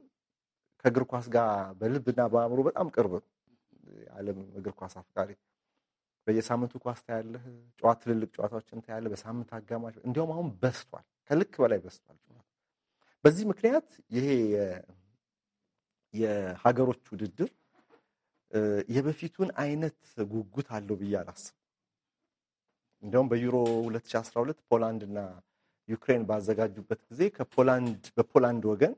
ከእግር ኳስ ጋር በልብና በአእምሮ በጣም ቅርብ የዓለም እግር ኳስ አፍቃሪ በየሳምንቱ ኳስ ታያለህ፣ ጨዋ ትልልቅ ጨዋታዎችን ታያለህ። በሳምንት አጋማሽ እንዲያውም አሁን በስቷል፣ ከልክ በላይ በስቷል በዚህ ምክንያት ይሄ የሀገሮች ውድድር የበፊቱን አይነት ጉጉት አለው ብዬ አላስብ። እንዲያውም በዩሮ 2012 ፖላንድ እና ዩክሬን ባዘጋጁበት ጊዜ ከፖላንድ በፖላንድ ወገን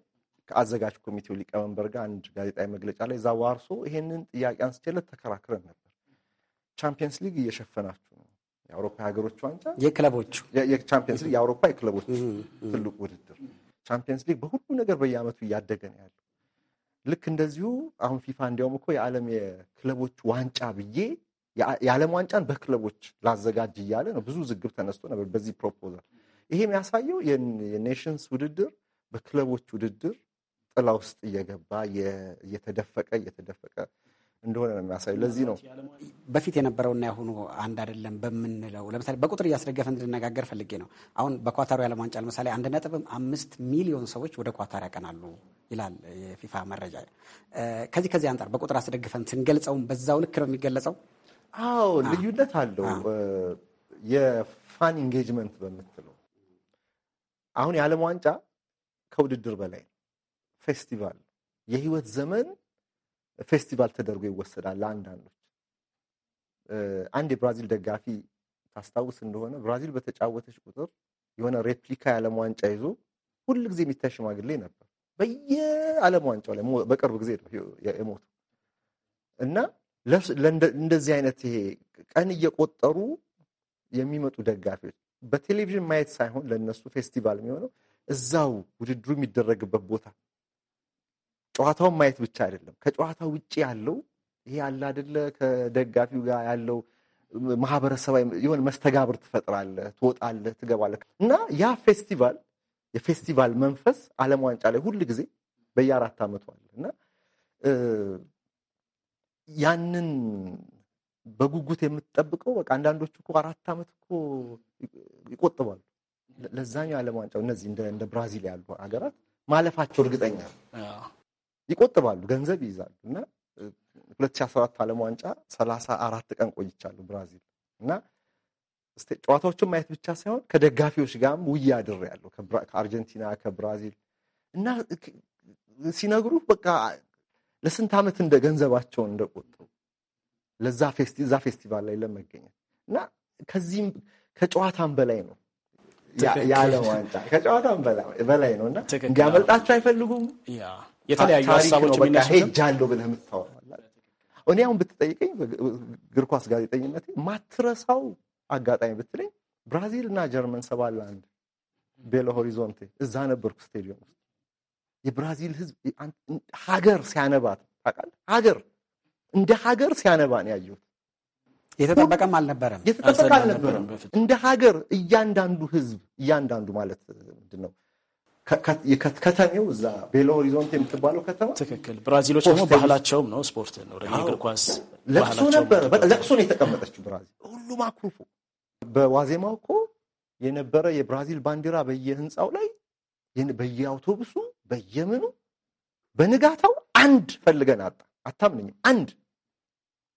ከአዘጋጅ ኮሚቴው ሊቀመንበር ጋር አንድ ጋዜጣዊ መግለጫ ላይ ዛ ዋርሶ ይሄንን ጥያቄ አንስቼለት ተከራክረን ነበር። ቻምፒየንስ ሊግ እየሸፈናችሁ ነው። የአውሮፓ ሀገሮች ዋንጫ የክለቦች የቻምፒየንስ ሊግ የአውሮፓ የክለቦች ትልቁ ውድድር ቻምፒየንስ ሊግ በሁሉ ነገር በየዓመቱ እያደገ ነው ያለው። ልክ እንደዚሁ አሁን ፊፋ እንዲያውም እኮ የዓለም የክለቦች ዋንጫ ብዬ የዓለም ዋንጫን በክለቦች ላዘጋጅ እያለ ነው። ብዙ ዝግብ ተነስቶ ነበር በዚህ ፕሮፖዛል። ይሄ የሚያሳየው የኔሽንስ ውድድር በክለቦች ውድድር ጥላ ውስጥ እየገባ እየተደፈቀ እየተደፈቀ እንደሆነ ነው የሚያሳዩ። ለዚህ ነው በፊት የነበረውና ያሁኑ አንድ አይደለም በምንለው ለምሳሌ በቁጥር እያስደገፈ እንድነጋገር ፈልጌ ነው። አሁን በኳታሩ የዓለም ዋንጫ ለምሳሌ አንድ ነጥብ አምስት ሚሊዮን ሰዎች ወደ ኳታር ያቀናሉ ይላል የፊፋ መረጃ። ከዚህ ከዚህ አንጻር በቁጥር አስደግፈን ስንገልጸውም በዛው ልክ ነው የሚገለጸው። አዎ ልዩነት አለው። የፋን ኢንጌጅመንት በምትለው አሁን የዓለም ዋንጫ ከውድድር በላይ ፌስቲቫል የህይወት ዘመን ፌስቲቫል ተደርጎ ይወሰዳል። ለአንዳንዶች አንድ የብራዚል ደጋፊ ታስታውስ እንደሆነ ብራዚል በተጫወተች ቁጥር የሆነ ሬፕሊካ የዓለም ዋንጫ ይዞ ሁል ጊዜ የሚታይ ሽማግሌ ነበር በየዓለም ዋንጫው ላይ በቅርብ ጊዜ የሞቱ እና እንደዚህ አይነት ይሄ ቀን እየቆጠሩ የሚመጡ ደጋፊዎች በቴሌቪዥን ማየት ሳይሆን ለእነሱ ፌስቲቫል የሚሆነው እዛው ውድድሩ የሚደረግበት ቦታ ጨዋታውን ማየት ብቻ አይደለም፣ ከጨዋታው ውጭ ያለው ይሄ አለ አይደለ ከደጋፊው ጋር ያለው ማህበረሰባዊ የሆነ መስተጋብር ትፈጥራለህ፣ ትወጣለህ፣ ትገባለህ እና ያ ፌስቲቫል የፌስቲቫል መንፈስ ዓለም ዋንጫ ላይ ሁል ጊዜ በየአራት ዓመቱ አለ እና ያንን በጉጉት የምትጠብቀው በቃ አንዳንዶቹ እኮ አራት ዓመት እኮ ይቆጥባሉ ለዛኛው ዓለም ዋንጫው። እነዚህ እንደ ብራዚል ያሉ ሀገራት ማለፋቸው እርግጠኛ ነው። ይቆጥባሉ፣ ገንዘብ ይይዛሉ እና 2014 ዓለም ዋንጫ 34 ቀን ቆይቻለሁ ብራዚል እና ጨዋታዎችን ማየት ብቻ ሳይሆን ከደጋፊዎች ጋርም ውይ አድር ያለው ከአርጀንቲና ከብራዚል እና ሲነግሩ በቃ ለስንት ዓመት እንደ ገንዘባቸውን እንደቆጠሩ ለዛ ፌስቲቫል ላይ ለመገኘት እና ከዚህም ከጨዋታም በላይ ነው የዓለም ዋንጫ ከጨዋታም በላይ ነው እና እንዲያመልጣቸው አይፈልጉም። የተለያዩ ሀሳቦች ሄጃለሁ ብለህ የምታወራ እኔ አሁን ብትጠይቀኝ እግር ኳስ ጋዜጠኝነት ማትረሳው አጋጣሚ ብትለኝ ብራዚል እና ጀርመን ሰባ ለአንድ ቤሎ ሆሪዞንቴ እዛ ነበርኩ ስቴዲየም ውስጥ የብራዚል ህዝብ ሀገር ሲያነባት ታውቃለህ ሀገር እንደ ሀገር ሲያነባ ነው ያየሁት የተጠበቀም አልነበረም የተጠበቀ አልነበረም እንደ ሀገር እያንዳንዱ ህዝብ እያንዳንዱ ማለት ምንድን ነው ከተሜው እዛ ቤሎ ሆሪዞንት የምትባለው ከተማ ትክክል። ብራዚሎች ደግሞ ባህላቸውም ነው ስፖርትን ወደ እግር ኳስ ለቅሶ ነበረ። ለቅሶ ነው የተቀመጠችው ብራዚል። ሁሉም አኩርፎ በዋዜማው እኮ የነበረ የብራዚል ባንዲራ በየህንፃው ላይ በየአውቶቡሱ በየምኑ በንጋታው አንድ ፈልገን አጣ። አታምነኝም? አንድ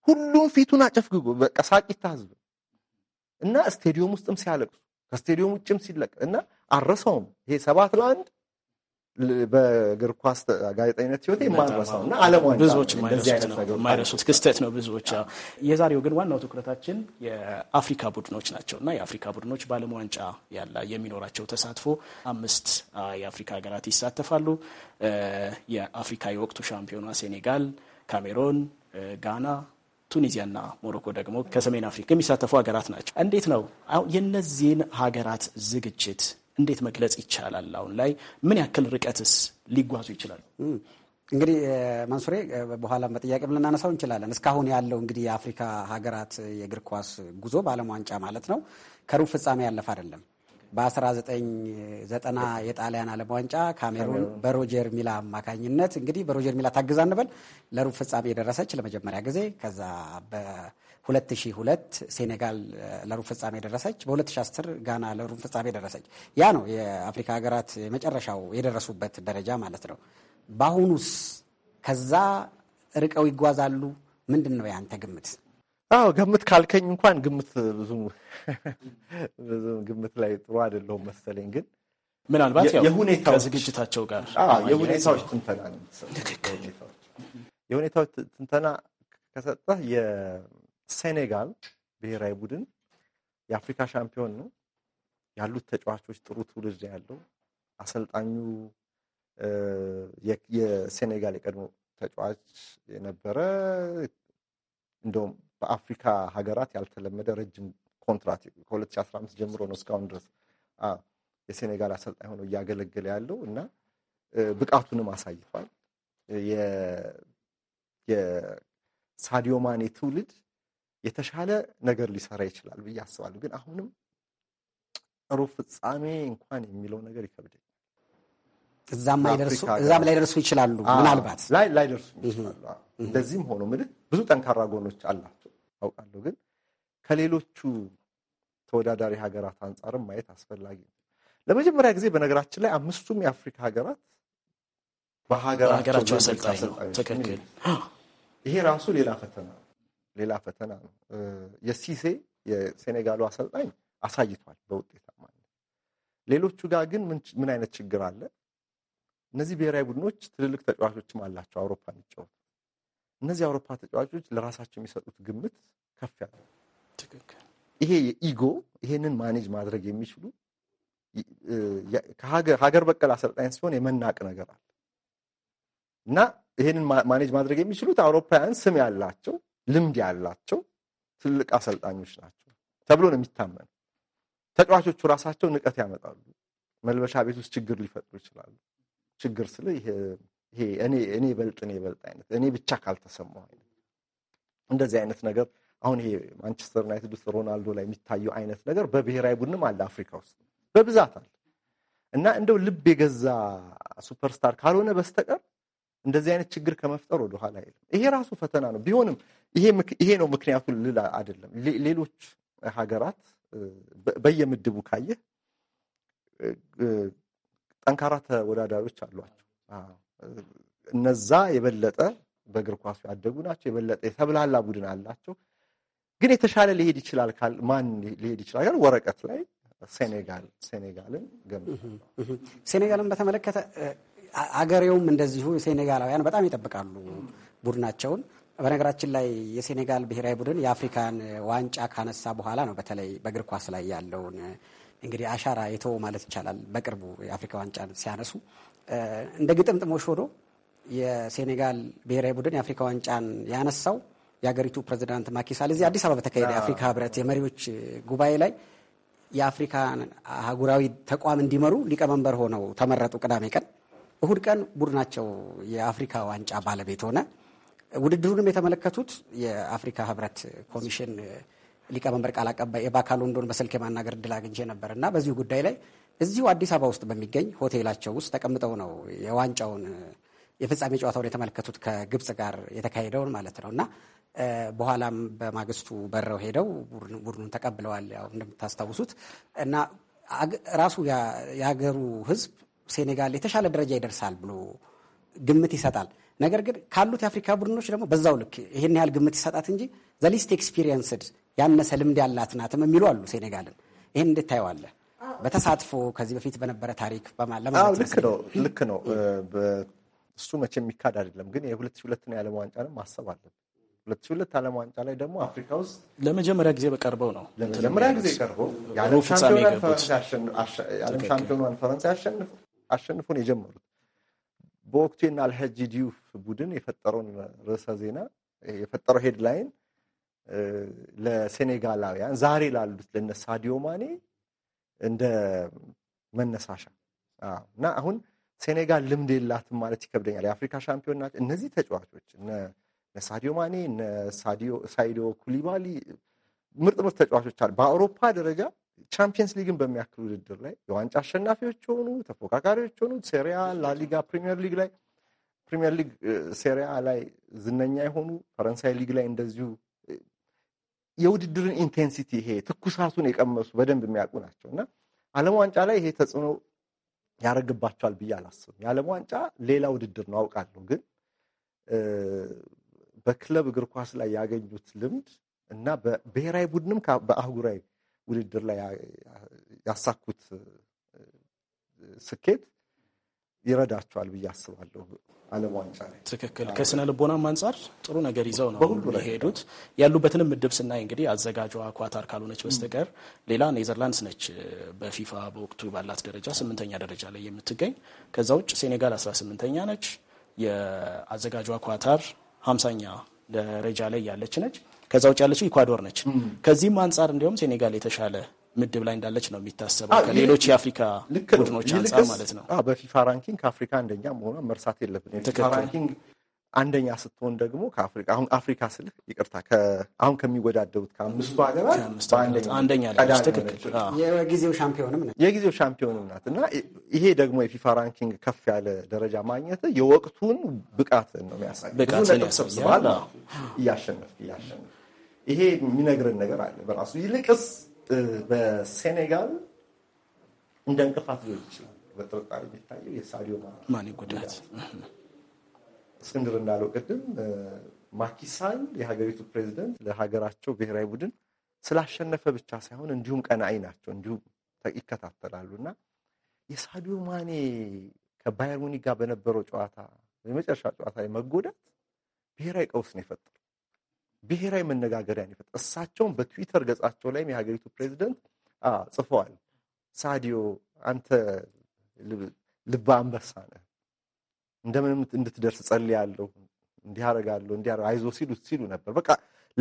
ሁሉም ፊቱን አጨፍግጎ በቃ ሳቂታ ህዝብ እና ስቴዲየም ውስጥም ሲያለቅሱ ከስቴዲየም ውጭም ሲለቅ እና አረሰውም። ይሄ ሰባት ለአንድ በእግር ኳስ ጋዜጠኝነት ህይወት የማንረሳው እና ብዙዎች የማይረሱት ክስተት ነው። ብዙዎች የዛሬው ግን ዋናው ትኩረታችን የአፍሪካ ቡድኖች ናቸው እና የአፍሪካ ቡድኖች በዓለም ዋንጫ ያላ የሚኖራቸው ተሳትፎ አምስት የአፍሪካ ሀገራት ይሳተፋሉ። የአፍሪካ የወቅቱ ሻምፒዮኗ ሴኔጋል፣ ካሜሮን፣ ጋና ቱኒዚያ ሞሮኮ ደግሞ ከሰሜን አፍሪካ የሚሳተፉ ሀገራት ናቸው። እንዴት ነው አሁን የእነዚህን ሀገራት ዝግጅት እንዴት መግለጽ ይቻላል? አሁን ላይ ምን ያክል ርቀትስ ሊጓዙ ይችላሉ? እንግዲህ መንሱሬ በኋላም በጥያቄም ልናነሳው እንችላለን። እስካሁን ያለው እንግዲህ የአፍሪካ ሀገራት የእግር ኳስ ጉዞ በዓለም ዋንጫ ማለት ነው ከሩብ ፍጻሜ ያለፈ አይደለም። በ1990 የጣሊያን ዓለም ዋንጫ ካሜሩን በሮጀር ሚላ አማካኝነት እንግዲህ በሮጀር ሚላ ታግዛ እንበል ለሩብ ፍጻሜ የደረሰች ለመጀመሪያ ጊዜ ከዛ 2002 ሴኔጋል ለሩብ ፍጻሜ ደረሰች። በ2010 ጋና ለሩብ ፍጻሜ ደረሰች። ያ ነው የአፍሪካ ሀገራት የመጨረሻው የደረሱበት ደረጃ ማለት ነው። በአሁኑስ ከዛ ርቀው ይጓዛሉ? ምንድን ነው ያንተ ግምት? አዎ ግምት ካልከኝ እንኳን ግምት ብዙ ግምት ላይ ጥሩ አይደለሁም መሰለኝ ግን ምናልባት የሁኔታ ዝግጅታቸው ጋር የሁኔታዎች ትንተና የሁኔታዎች ትንተና ከሰጠህ ሴኔጋል ብሔራዊ ቡድን የአፍሪካ ሻምፒዮን ነው። ያሉት ተጫዋቾች ጥሩ ትውልድ ያለው አሰልጣኙ የሴኔጋል የቀድሞ ተጫዋች የነበረ እንደውም በአፍሪካ ሀገራት ያልተለመደ ረጅም ኮንትራት ከ2015 ጀምሮ ነው እስካሁን ድረስ የሴኔጋል አሰልጣኝ ሆኖ እያገለገለ ያለው እና ብቃቱንም አሳይቷል። የሳዲዮ ማኔ ትውልድ የተሻለ ነገር ሊሰራ ይችላል ብዬ አስባለሁ። ግን አሁንም ጥሩ ፍጻሜ እንኳን የሚለው ነገር ይከብደኛል። እዛም ላይ ደርሱ ይችላሉ፣ ምናልባት ላይ ላይ ደርሱ ይችላሉ። እንደዚህም ሆኖ ምልህ ብዙ ጠንካራ ጎኖች አላቸው አውቃለሁ። ግን ከሌሎቹ ተወዳዳሪ ሀገራት አንጻርም ማየት አስፈላጊ ነው። ለመጀመሪያ ጊዜ በነገራችን ላይ አምስቱም የአፍሪካ ሀገራት በሀገራቸው አሰልጣኝ ነው። ይሄ ራሱ ሌላ ፈተና ነው። ሌላ ፈተና ነው። የሲሴ የሴኔጋሉ አሰልጣኝ አሳይቷል በውጤታማነት። ሌሎቹ ጋር ግን ምን አይነት ችግር አለ? እነዚህ ብሔራዊ ቡድኖች ትልልቅ ተጫዋቾችም አላቸው አውሮፓ የሚጫወቱ እነዚህ አውሮፓ ተጫዋቾች ለራሳቸው የሚሰጡት ግምት ከፍ ያለ ይሄ የኢጎ ይሄንን ማኔጅ ማድረግ የሚችሉ ሀገር በቀል አሰልጣኝ ሲሆን የመናቅ ነገር አለ እና ይሄንን ማኔጅ ማድረግ የሚችሉት አውሮፓውያን ስም ያላቸው ልምድ ያላቸው ትልቅ አሰልጣኞች ናቸው ተብሎ ነው የሚታመነው። ተጫዋቾቹ ራሳቸው ንቀት ያመጣሉ። መልበሻ ቤት ውስጥ ችግር ሊፈጥሩ ይችላሉ። ችግር ስለ ይሄ እኔ በልጥ እኔ በልጥ አይነት እኔ ብቻ ካልተሰማሁ አይነት እንደዚህ አይነት ነገር አሁን ይሄ ማንቸስተር ዩናይትድ ውስጥ ሮናልዶ ላይ የሚታየው አይነት ነገር በብሔራዊ ቡድንም አለ፣ አፍሪካ ውስጥ በብዛት አለ እና እንደው ልብ የገዛ ሱፐርስታር ካልሆነ በስተቀር እንደዚህ አይነት ችግር ከመፍጠር ወደኋላ አይልም። ይሄ ራሱ ፈተና ነው ቢሆንም ይሄ ነው ምክንያቱ ልል አይደለም። ሌሎች ሀገራት በየምድቡ ካየህ ጠንካራ ተወዳዳሪዎች አሏቸው። እነዛ የበለጠ በእግር ኳሱ ያደጉ ናቸው። የበለጠ የተብላላ ቡድን አላቸው። ግን የተሻለ ሊሄድ ይችላል ካል ማን ሊሄድ ይችላል ካል ወረቀት ላይ ሴኔጋል ሴኔጋልን ገምታለሁ። ሴኔጋልን በተመለከተ አገሬውም እንደዚሁ ሴኔጋላውያን በጣም ይጠብቃሉ ቡድናቸውን በነገራችን ላይ የሴኔጋል ብሔራዊ ቡድን የአፍሪካን ዋንጫ ካነሳ በኋላ ነው በተለይ በእግር ኳስ ላይ ያለውን እንግዲህ አሻራ የተወ ማለት ይቻላል። በቅርቡ የአፍሪካ ዋንጫን ሲያነሱ እንደ ግጥምጥሞሽ ሆኖ የሴኔጋል ብሔራዊ ቡድን የአፍሪካ ዋንጫን ያነሳው የሀገሪቱ ፕሬዚዳንት ማኪሳል እዚህ አዲስ አበባ በተካሄደ የአፍሪካ ህብረት የመሪዎች ጉባኤ ላይ የአፍሪካ አህጉራዊ ተቋም እንዲመሩ ሊቀመንበር ሆነው ተመረጡ። ቅዳሜ ቀን፣ እሁድ ቀን ቡድናቸው የአፍሪካ ዋንጫ ባለቤት ሆነ። ውድድሩንም የተመለከቱት የአፍሪካ ህብረት ኮሚሽን ሊቀመንበር ቃል አቀባይ የባካ ሎንዶን በስልክ የማናገር እድል አግኝቼ ነበር እና በዚሁ ጉዳይ ላይ እዚሁ አዲስ አበባ ውስጥ በሚገኝ ሆቴላቸው ውስጥ ተቀምጠው ነው የዋንጫውን የፍጻሜ ጨዋታውን የተመለከቱት ከግብፅ ጋር የተካሄደውን ማለት ነው እና በኋላም በማግስቱ በረው ሄደው ቡድኑን ተቀብለዋል። ያው እንደምታስታውሱት እና ራሱ የሀገሩ ህዝብ ሴኔጋል የተሻለ ደረጃ ይደርሳል ብሎ ግምት ይሰጣል። ነገር ግን ካሉት የአፍሪካ ቡድኖች ደግሞ በዛው ልክ ይህን ያህል ግምት ይሰጣት እንጂ ዘሊስት ኤክስፒሪየንስድ ያነሰ ልምድ ያላት ናትም የሚሉ አሉ። ሴኔጋልን ይህን እንዴት ታየዋለህ? በተሳትፎ ከዚህ በፊት በነበረ ታሪክ ለማለት ልክ ነው ልክ ነው። እሱ መቼ የሚካድ አይደለም። ግን የሁለት ሺህ ሁለትን የዓለም ዋንጫንም ማሰብ አለብን። ሁለት ሺህ ሁለት ዓለም ዋንጫ ላይ ደግሞ አፍሪካ ውስጥ ለመጀመሪያ ጊዜ በቀርበው ነው ለመጀመሪያ ጊዜ ቀርበው የዓለም ሻምፒዮኗን ፈረንሳይ አሸንፎን የጀመሩት በወቅቱ ና አልሀጂ ዲዩፍ ቡድን የፈጠረውን ርዕሰ ዜና የፈጠረው ሄድላይን ለሴኔጋላውያን ዛሬ ላሉት ለነ ሳዲዮ ማኔ እንደ መነሳሻ እና አሁን ሴኔጋል ልምድ የላትም ማለት ይከብደኛል። የአፍሪካ ሻምፒዮን እነዚህ ተጫዋቾች እነ ሳዲዮ ማኔ እነ ሳይዶ ኩሊባሊ ምርጥ ምርጥ ተጫዋቾች አሉ። በአውሮፓ ደረጃ ቻምፒየንስ ሊግን በሚያክል ውድድር ላይ የዋንጫ አሸናፊዎች የሆኑ ተፎካካሪዎች የሆኑ ሴሪያ፣ ላሊጋ፣ ፕሪሚየር ሊግ ላይ ፕሪሚየር ሊግ ሴሪያ ላይ ዝነኛ የሆኑ ፈረንሳይ ሊግ ላይ እንደዚሁ የውድድርን ኢንቴንሲቲ ይሄ ትኩሳቱን የቀመሱ በደንብ የሚያውቁ ናቸው እና ዓለም ዋንጫ ላይ ይሄ ተጽዕኖ ያደርግባቸዋል ብዬ አላስብም። የዓለም ዋንጫ ሌላ ውድድር ነው አውቃለሁ፣ ግን በክለብ እግር ኳስ ላይ ያገኙት ልምድ እና በብሔራዊ ቡድንም በአህጉራዊ ውድድር ላይ ያሳኩት ስኬት ይረዳቸዋል ብዬ አስባለሁ። ዓለም ዋንጫ ላይ ትክክል ከስነ ልቦናም አንጻር ጥሩ ነገር ይዘው ነው የሄዱት። ያሉበትንም ምድብ ስናይ እንግዲህ አዘጋጇ ኳታር ካልሆነች በስተቀር ሌላ ኔዘርላንድስ ነች በፊፋ በወቅቱ ባላት ደረጃ ስምንተኛ ደረጃ ላይ የምትገኝ ከዛ ውጭ ሴኔጋል አስራ ስምንተኛ ነች። የአዘጋጇ ኳታር ሀምሳኛ ደረጃ ላይ ያለች ነች። ከዛ ውጭ ያለችው ኢኳዶር ነች። ከዚህም አንጻር እንዲሁም ሴኔጋል የተሻለ ምድብ ላይ እንዳለች ነው የሚታሰበው ከሌሎች የአፍሪካ ቡድኖች አንጻር ማለት ነው። በፊፋ ራንኪንግ ከአፍሪካ አንደኛ መሆኗ መርሳት የለብን። አንደኛ ስትሆን ደግሞ ከአፍሪካ አሁን አፍሪካ ስልህ ይቅርታ አሁን ከሚወዳደሩት ከአምስቱ ሀገራት አንደኛ የጊዜው ሻምፒዮንም ናት የጊዜው ሻምፒዮንም ናት እና ይሄ ደግሞ የፊፋ ራንኪንግ ከፍ ያለ ደረጃ ማግኘት የወቅቱን ብቃትን ነው የሚያሳይ ብዙ ነጥብ ሰብስባል እያሸነፍ እያሸነፍ ይሄ የሚነግረን ነገር አለ በራሱ ይልቅስ በሴኔጋል እንደ እንቅፋት ሊሆን ይችላል። በጥርጣሬ የሚታየው የሳዲዮ ማኔ ጉዳት እስክንድር እንዳለው ቅድም ማኪሳል የሀገሪቱ ፕሬዚደንት ለሀገራቸው ብሔራዊ ቡድን ስላሸነፈ ብቻ ሳይሆን እንዲሁም ቀናይ ናቸው፣ እንዲሁም ይከታተላሉ እና የሳዲዮ ማኔ ከባየር ሙኒክ ጋር በነበረው ጨዋታ የመጨረሻ ጨዋታ ላይ መጎዳት ብሔራዊ ቀውስ ነው የፈጠሩ ብሔራዊ መነጋገሪያን ይፈጥ እሳቸውን በትዊተር ገጻቸው ላይም የሀገሪቱ ፕሬዚደንት ጽፈዋል። ሳዲዮ አንተ ልብ አንበሳ ነህ፣ እንደምንም እንድትደርስ ጸልያለሁ፣ እንዲህ አደርጋለሁ፣ አይዞ ሲሉ ሲሉ ነበር። በቃ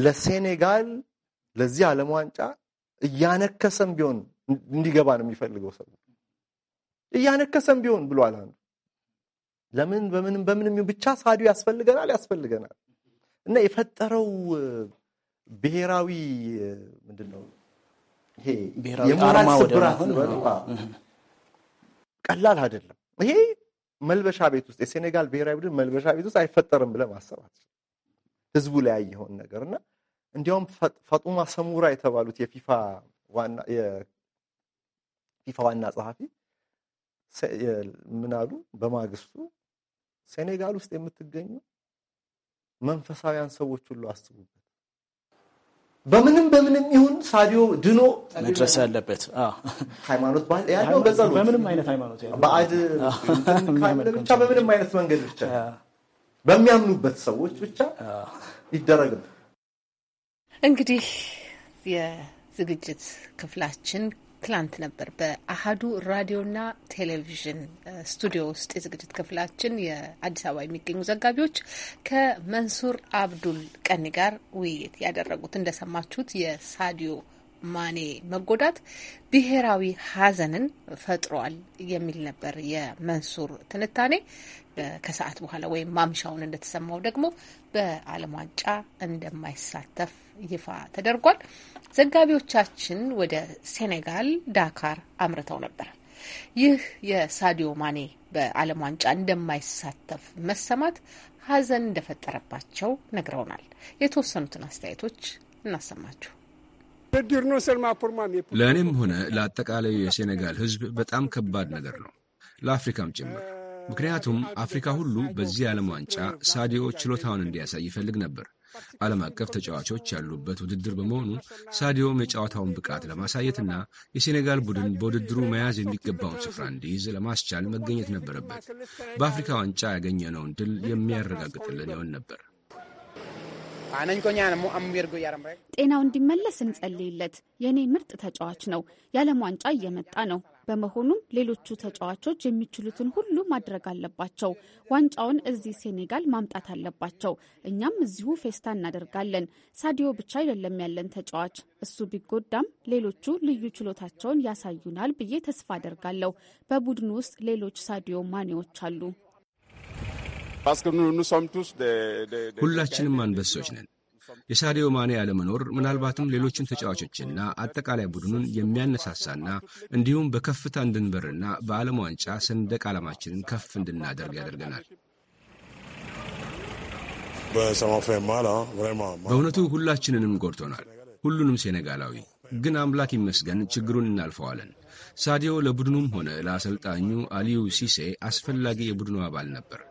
ለሴኔጋል ለዚህ ዓለም ዋንጫ እያነከሰም ቢሆን እንዲገባ ነው የሚፈልገው ሰው እያነከሰም ቢሆን ብሏል አንዱ። ለምን በምንም በምንም ብቻ ሳዲዮ ያስፈልገናል ያስፈልገናል እና የፈጠረው ብሔራዊ ምንድን ነው የሞራል ስብራት ቀላል አይደለም። ይሄ መልበሻ ቤት ውስጥ የሴኔጋል ብሔራዊ ቡድን መልበሻ ቤት ውስጥ አይፈጠርም ብለህ ማሰብ ህዝቡ ላይ ያየኸውን ነገር እና እንዲያውም ፈጡማ ሰሙራ የተባሉት የፊፋ ዋና ጸሐፊ ምናሉ በማግስቱ ሴኔጋል ውስጥ የምትገኙ መንፈሳዊያን ሰዎች ሁሉ አስቡበት። በምንም በምንም ይሁን ሳዲዮ ድኖ መድረስ ያለበት ሃይማኖት ባህል ያለው በጸሎት በምንም አይነት ሃይማኖት ያለው ብቻ በምንም አይነት መንገድ ብቻ በሚያምኑበት ሰዎች ብቻ ይደረግም። እንግዲህ የዝግጅት ክፍላችን ትላንት ነበር በአሀዱ ራዲዮና ቴሌቪዥን ስቱዲዮ ውስጥ የዝግጅት ክፍላችን የአዲስ አበባ የሚገኙ ዘጋቢዎች ከመንሱር አብዱል ቀኒ ጋር ውይይት ያደረጉት። እንደሰማችሁት የሳዲዮ ማኔ መጎዳት ብሔራዊ ሐዘንን ፈጥሯል የሚል ነበር የመንሱር ትንታኔ። ከሰዓት በኋላ ወይም ማምሻውን እንደተሰማው ደግሞ በዓለም ዋንጫ እንደማይሳተፍ ይፋ ተደርጓል። ዘጋቢዎቻችን ወደ ሴኔጋል ዳካር አምርተው ነበር። ይህ የሳዲዮ ማኔ በዓለም ዋንጫ እንደማይሳተፍ መሰማት ሐዘን እንደፈጠረባቸው ነግረውናል። የተወሰኑትን አስተያየቶች እናሰማችሁ። ለእኔም ሆነ ለአጠቃላዩ የሴኔጋል ሕዝብ በጣም ከባድ ነገር ነው፣ ለአፍሪካም ጭምር። ምክንያቱም አፍሪካ ሁሉ በዚህ ዓለም ዋንጫ ሳዲዮ ችሎታውን እንዲያሳይ ይፈልግ ነበር። ዓለም አቀፍ ተጫዋቾች ያሉበት ውድድር በመሆኑ ሳዲዮም የጨዋታውን ብቃት ለማሳየትና የሴኔጋል ቡድን በውድድሩ መያዝ የሚገባውን ስፍራ እንዲይዝ ለማስቻል መገኘት ነበረበት። በአፍሪካ ዋንጫ ያገኘነውን ድል የሚያረጋግጥልን ይሆን ነበር። ጤናው እንዲመለስ እንጸልይለት። የእኔ ምርጥ ተጫዋች ነው። የዓለም ዋንጫ እየመጣ ነው። በመሆኑም ሌሎቹ ተጫዋቾች የሚችሉትን ሁሉ ማድረግ አለባቸው። ዋንጫውን እዚህ ሴኔጋል ማምጣት አለባቸው። እኛም እዚሁ ፌስታ እናደርጋለን። ሳዲዮ ብቻ አይደለም ያለን ተጫዋች። እሱ ቢጎዳም ሌሎቹ ልዩ ችሎታቸውን ያሳዩናል ብዬ ተስፋ አደርጋለሁ። በቡድኑ ውስጥ ሌሎች ሳዲዮ ማኔዎች አሉ። ሁላችንም አንበሶች ነን። የሳዲዮ ማኔ ያለመኖር ምናልባትም ሌሎችን ተጫዋቾችና አጠቃላይ ቡድኑን የሚያነሳሳና እንዲሁም በከፍታ እንድንበርና በዓለም ዋንጫ ሰንደቅ ዓላማችንን ከፍ እንድናደርግ ያደርገናል። በእውነቱ ሁላችንንም ጎድቶናል፣ ሁሉንም ሴኔጋላዊ። ግን አምላክ ይመስገን ችግሩን እናልፈዋለን። ሳዲዮ ለቡድኑም ሆነ ለአሰልጣኙ አሊዩ ሲሴ አስፈላጊ የቡድኑ አባል ነበር።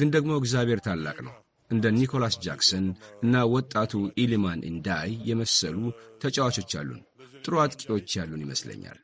ግን ደግሞ እግዚአብሔር ታላቅ ነው። እንደ ኒኮላስ ጃክሰን እና ወጣቱ ኢሊማን እንዳይ የመሰሉ ተጫዋቾች አሉን። ጥሩ አጥቂዎች ያሉን ይመስለኛል።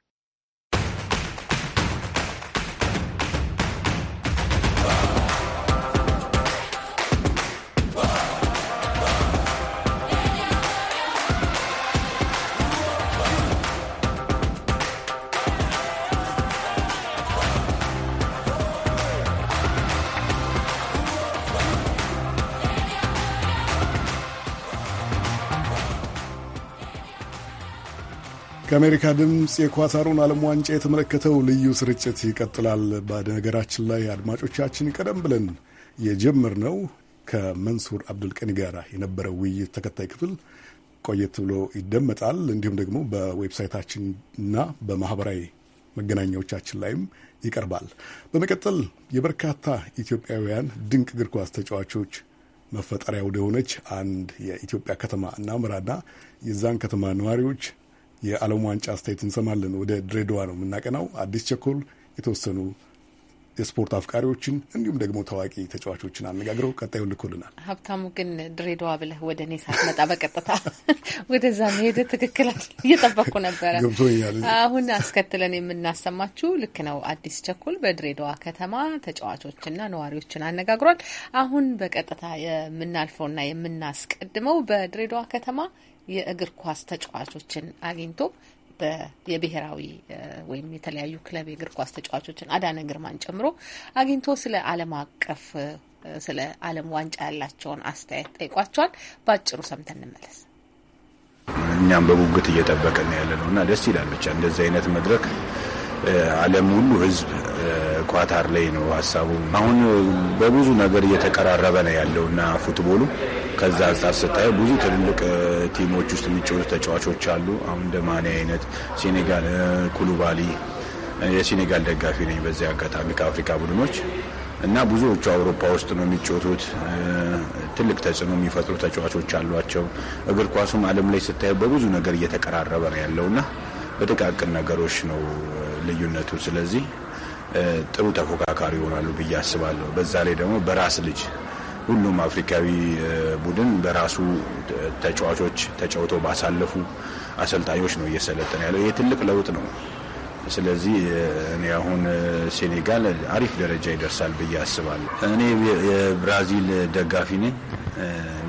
ከአሜሪካ ድምፅ የኳታሩን ዓለም ዋንጫ የተመለከተው ልዩ ስርጭት ይቀጥላል። በነገራችን ላይ አድማጮቻችን፣ ቀደም ብለን የጀመርነው ከመንሱር አብዱልቀኒ ጋር የነበረው ውይይት ተከታይ ክፍል ቆየት ብሎ ይደመጣል። እንዲሁም ደግሞ በዌብሳይታችን እና በማህበራዊ መገናኛዎቻችን ላይም ይቀርባል። በመቀጠል የበርካታ ኢትዮጵያውያን ድንቅ እግር ኳስ ተጫዋቾች መፈጠሪያ ሆነች አንድ የኢትዮጵያ ከተማ እናምራና የዛን ከተማ ነዋሪዎች የዓለም ዋንጫ አስተያየት እንሰማለን። ወደ ድሬዳዋ ነው የምናቀናው። አዲስ ቸኮል የተወሰኑ የስፖርት አፍቃሪዎችን እንዲሁም ደግሞ ታዋቂ ተጫዋቾችን አነጋግረው ቀጣዩን ልኮልናል። ሀብታሙ ግን ድሬዳዋ ብለህ ወደ እኔ ሳትመጣ በቀጥታ ወደዛ መሄድ ትክክል እየጠበቅኩ ነበረ። ገብቶኛል። አሁን አስከትለን የምናሰማችሁ ልክ ነው። አዲስ ቸኩል በድሬዳዋ ከተማ ተጫዋቾችና ነዋሪዎችን አነጋግሯል። አሁን በቀጥታ የምናልፈውና የምናስቀድመው በድሬዳዋ ከተማ የእግር ኳስ ተጫዋቾችን አግኝቶ የብሔራዊ ወይም የተለያዩ ክለብ የእግር ኳስ ተጫዋቾችን አዳነ ግርማን ጨምሮ አግኝቶ ስለ ዓለም አቀፍ ስለ ዓለም ዋንጫ ያላቸውን አስተያየት ጠይቋቸዋል። በአጭሩ ሰምተን እንመለስ። እኛም በጉጉት እየጠበቅን ያለ ነው እና ደስ ይላል። ብቻ እንደዚህ አይነት መድረክ ዓለም ሁሉ ህዝብ ኳታር ላይ ነው ሀሳቡ። አሁን በብዙ ነገር እየተቀራረበ ነው ያለው እና ፉትቦሉ ከዛ አንጻር ስታየ ብዙ ትልልቅ ቲሞች ውስጥ የሚጫወቱ ተጫዋቾች አሉ። አሁን እንደ ማኔ አይነት ሴኔጋል፣ ኩሉባሊ የሴኔጋል ደጋፊ ነኝ በዚህ አጋጣሚ ከአፍሪካ ቡድኖች እና ብዙዎቹ አውሮፓ ውስጥ ነው የሚጫወቱት። ትልቅ ተጽዕኖ የሚፈጥሩ ተጫዋቾች አሏቸው። እግር ኳሱም ዓለም ላይ ስታየው በብዙ ነገር እየተቀራረበ ነው ያለውና በጥቃቅን ነገሮች ነው ልዩነቱ። ስለዚህ ጥሩ ተፎካካሪ ይሆናሉ ብዬ አስባለሁ። በዛ ላይ ደግሞ በራስ ልጅ ሁሉም አፍሪካዊ ቡድን በራሱ ተጫዋቾች ተጫውተው ባሳለፉ አሰልጣኞች ነው እየሰለጠነ ያለው። ይህ ትልቅ ለውጥ ነው። ስለዚህ እኔ አሁን ሴኔጋል አሪፍ ደረጃ ይደርሳል ብዬ አስባለሁ። እኔ የብራዚል ደጋፊ ነኝ።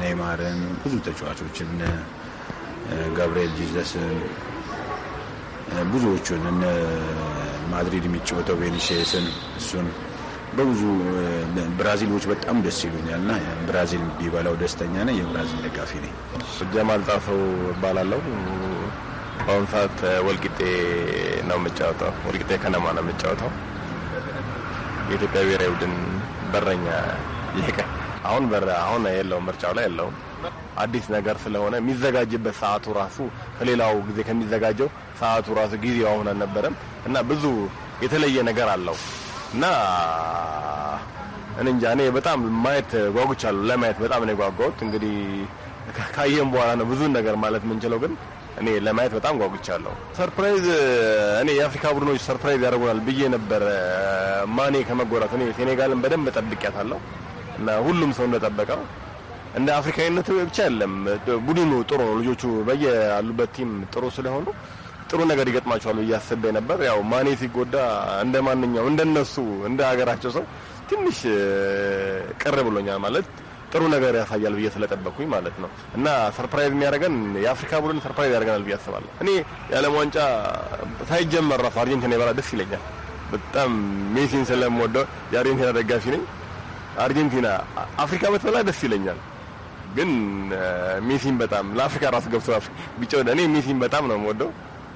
ኔይማርን፣ ብዙ ተጫዋቾችን፣ ጋብርኤል ጂዘስን፣ ብዙዎቹን ማድሪድ የሚጫወተው ቬኒሽስን እሱን በብዙ ብራዚሎች በጣም ደስ ይሉኛል ና ብራዚል ቢበላው ደስተኛ ነኝ። የብራዚል ደጋፊ ነኝ። ጀማል ጣፈው እባላለሁ። በአሁኑ ሰዓት ወልቂጤ ነው የምጫወተው። ወልቂጤ ከነማ ነው የምጫወተው። የኢትዮጵያ ብሔራዊ ቡድን በረኛ ይቀ አሁን በረ አሁን የለውም ምርጫው ላይ የለውም። አዲስ ነገር ስለሆነ የሚዘጋጅበት ሰዓቱ ራሱ ከሌላው ጊዜ ከሚዘጋጀው ሰዓቱ ራሱ ጊዜው አሁን አልነበረም እና ብዙ የተለየ ነገር አለው እና እንጃ እኔ በጣም ማየት ጓጉቻለሁ። ለማየት በጣም ነው የጓጓሁት። እንግዲህ ካየም በኋላ ነው ብዙ ነገር ማለት የምንችለው ግን እኔ ለማየት በጣም ጓጉቻለሁ። ሰርፕራይዝ እኔ የአፍሪካ ቡድኖች ሰርፕራይዝ ያደርጉናል ብዬ ነበር። ማኔ ከመጎዳት እኔ ሴኔጋልን በደንብ ጠብቂያታለሁ እና ሁሉም ሰው እንደጠበቀው እንደ አፍሪካዊነት ብቻ አይደለም ቡድኑ ጥሩ ነው። ልጆቹ በየ ያሉበት ቲም ጥሩ ስለሆኑ ጥሩ ነገር ይገጥማቸዋል ብዬ አስቤ ነበር። ያው ማኔ ሲጎዳ እንደ ማንኛው እንደነሱ እንደ ሀገራቸው ሰው ትንሽ ቅር ብሎኛል ማለት ጥሩ ነገር ያሳያል ብዬ ስለጠበቅኩኝ ማለት ነው። እና ሰርፕራይዝ የሚያደርገን የአፍሪካ ቡድን ሰርፕራይዝ ያደርገናል ብዬ አስባለሁ። እኔ የዓለም ዋንጫ ሳይጀመር ራሱ አርጀንቲና ይበላ ደስ ይለኛል። በጣም ሜሲን ስለምወደው የአርጀንቲና ደጋፊ ነኝ። አርጀንቲና አፍሪካ በትበላ ደስ ይለኛል። ግን ሜሲን በጣም ለአፍሪካ ራሱ ገብቶ ቢጨወደ እኔ ሜሲን በጣም ነው የምወደው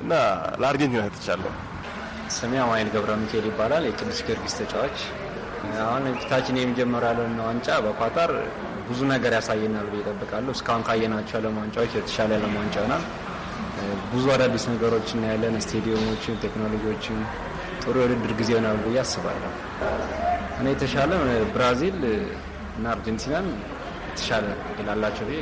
እና ለአርጀንቲና ሰጥቻለሁ። ስሜ አማይል ገብረ ሚካኤል ይባላል። የቅዱስ ጊዮርጊስ ተጫዋች። አሁን ፊታችን ያለውን ዋንጫ በኳታር ብዙ ነገር ያሳየናል ብዬ እጠብቃለሁ። እስካሁን ካየናቸው ዓለም ዋንጫዎች የተሻለ ዓለም ዋንጫ ይሆናል። ብዙ አዳዲስ ነገሮች እናያለን። ስቴዲየሞችን፣ ቴክኖሎጂዎችን ጥሩ የውድድር ጊዜ ይሆናል ብዬ አስባለሁ። እኔ የተሻለ ብራዚል እና አርጀንቲናን የተሻለ ይላላቸው ብዬ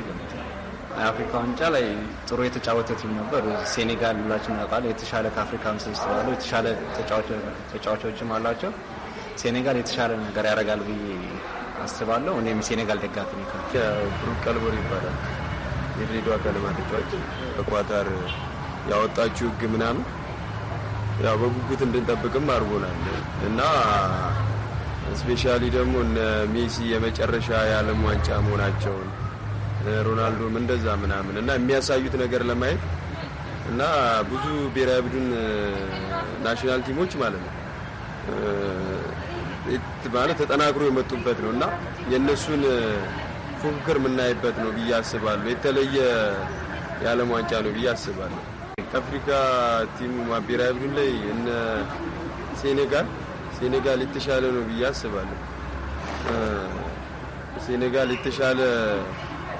አፍሪካ ዋንጫ ላይ ጥሩ የተጫወተ ቲም ነበር። ሴኔጋል ሁላችን ያውቃል። የተሻለ ከአፍሪካ ምስል ስላሉ የተሻለ ተጫዋቾችም አሏቸው። ሴኔጋል የተሻለ ነገር ያደርጋል ብዬ አስባለሁ። እኔም ሴኔጋል ደጋፊ ብሩክ ቀልቦር ይባላል። የድሬዳዋ ቀለማ ተጫዋች በኳታር ያወጣችው ህግ ምናምን ያው በጉጉት እንድንጠብቅም አድርጎናል እና ስፔሻሊ ደግሞ እነ ሜሲ የመጨረሻ የዓለም ዋንጫ መሆናቸውን ሮናልዶም እንደዛ ምናምን እና የሚያሳዩት ነገር ለማየት እና ብዙ ብሔራዊ ቡድን ናሽናል ቲሞች ማለት ነው ማለት ተጠናክሮ የመጡበት ነው እና የእነሱን ፉክክር የምናይበት ነው ብዬ አስባለሁ። የተለየ የዓለም ዋንጫ ነው ብዬ አስባለሁ። ከአፍሪካ ቲም ብሔራዊ ቡድን ላይ እነ ሴኔጋል ሴኔጋል የተሻለ ነው ብዬ አስባለሁ። ሴኔጋል የተሻለ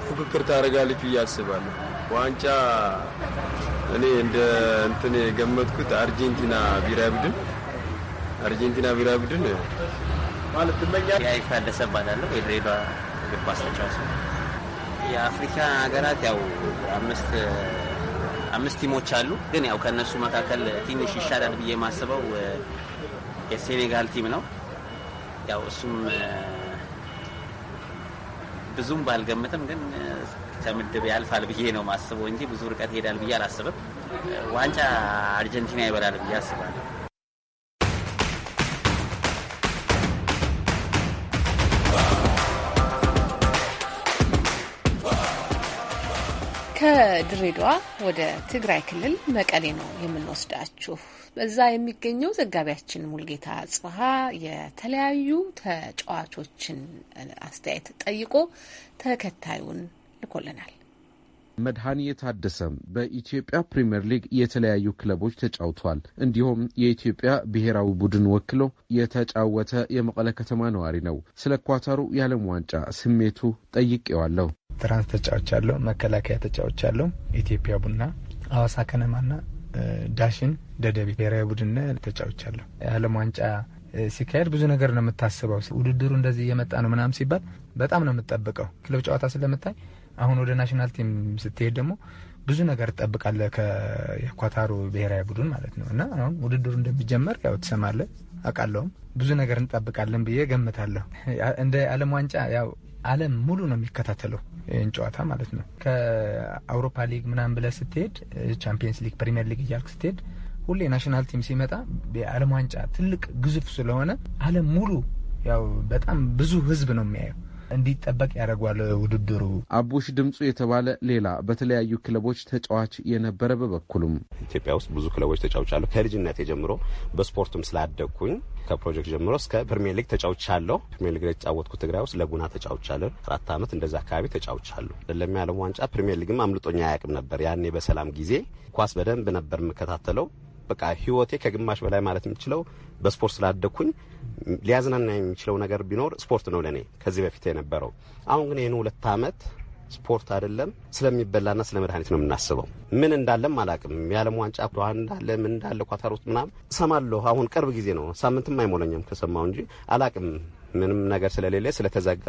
ፉክክር ታደርጋለች ብዬ አስባለሁ። ዋንጫ እኔ እንደ እንትን የገመትኩት አርጀንቲና ብሔራዊ ቡድን አርጀንቲና ብሔራዊ ቡድን ማለት ይፋ ያደሰ ባላለሁ የድሬዳዋ እግር ኳስ ተጫዋች ነው። የአፍሪካ ሀገራት ያው አምስት አምስት ቲሞች አሉ። ግን ያው ከእነሱ መካከል ትንሽ ይሻላል ብዬ የማስበው የሴኔጋል ቲም ነው። ያው እሱም ብዙም ባልገምትም ግን ከምድብ ያልፋል ብዬ ነው ማስበው እንጂ ብዙ ርቀት ይሄዳል ብዬ አላስብም። ዋንጫ አርጀንቲና ይበላል ብዬ አስባለሁ። ከድሬዳዋ ወደ ትግራይ ክልል መቀሌ ነው የምንወስዳችሁ። በዛ የሚገኘው ዘጋቢያችን ሙልጌታ ጽሀ የተለያዩ ተጫዋቾችን አስተያየት ጠይቆ ተከታዩን ልኮልናል። መድኃኒ የታደሰም በኢትዮጵያ ፕሪምየር ሊግ የተለያዩ ክለቦች ተጫውቷል። እንዲሁም የኢትዮጵያ ብሔራዊ ቡድን ወክሎ የተጫወተ የመቀለ ከተማ ነዋሪ ነው። ስለ ኳታሩ የዓለም ዋንጫ ስሜቱ ጠይቄዋለሁ። ትራንስ ተጫዋች አለው፣ መከላከያ ተጫዋች አለው። ኢትዮጵያ ቡና፣ አዋሳ ከነማና ዳሽን ደደቤ ብሔራዊ ቡድን ተጫዋች አለው። የዓለም ዋንጫ ሲካሄድ ብዙ ነገር ነው የምታስበው። ውድድሩ እንደዚህ እየመጣ ነው ምናምን ሲባል በጣም ነው የምጠብቀው። ክለብ ጨዋታ ስለምታይ አሁን ወደ ናሽናል ቲም ስትሄድ ደግሞ ብዙ ነገር ትጠብቃለህ። ከኳታሩ ብሔራዊ ቡድን ማለት ነው እና አሁን ውድድሩ እንደሚጀመር ያው ትሰማለ አውቃለሁም ብዙ ነገር እንጠብቃለን ብዬ ገምታለሁ። እንደ ዓለም ዋንጫ ያው ዓለም ሙሉ ነው የሚከታተለው ይህን ጨዋታ ማለት ነው። ከአውሮፓ ሊግ ምናምን ብለህ ስትሄድ፣ ቻምፒየንስ ሊግ፣ ፕሪሚየር ሊግ እያልክ ስትሄድ ሁሌ ናሽናል ቲም ሲመጣ የዓለም ዋንጫ ትልቅ ግዙፍ ስለሆነ ዓለም ሙሉ ያው በጣም ብዙ ህዝብ ነው የሚያየው እንዲጠበቅ ያደርጓል ውድድሩ። አቡሽ ድምፁ የተባለ ሌላ በተለያዩ ክለቦች ተጫዋች የነበረ በበኩሉም ኢትዮጵያ ውስጥ ብዙ ክለቦች ተጫውቻለሁ። ከልጅነት ጀምሮ በስፖርቱም ስላደግኩኝ ከፕሮጀክት ጀምሮ እስከ ፕሪሚየር ሊግ ተጫውቻለሁ። ፕሪሚየር ሊግ የተጫወትኩት ትግራይ ውስጥ ለጉና ተጫውቻለሁ። አራት ዓመት እንደዛ አካባቢ ተጫውቻለሁ። ለሚያለም ዋንጫ ፕሪሚየር ሊግም አምልጦኛ አያውቅም ነበር። ያኔ በሰላም ጊዜ ኳስ በደንብ ነበር የምከታተለው። በቃ ህይወቴ ከግማሽ በላይ ማለት የምችለው በስፖርት ስላደግኩኝ ሊያዝናና የሚችለው ነገር ቢኖር ስፖርት ነው ለእኔ ከዚህ በፊት የነበረው። አሁን ግን ይህን ሁለት አመት ስፖርት አይደለም ስለሚበላና ስለ መድኃኒት ነው የምናስበው። ምን እንዳለም አላቅም። የዓለም ዋንጫ ዶሃ እንዳለ ምን እንዳለ ኳታሮት ምናም ሰማለሁ። አሁን ቅርብ ጊዜ ነው፣ ሳምንትም አይሞላኝም ከሰማው እንጂ አላቅም። ምንም ነገር ስለሌለ ስለተዘጋ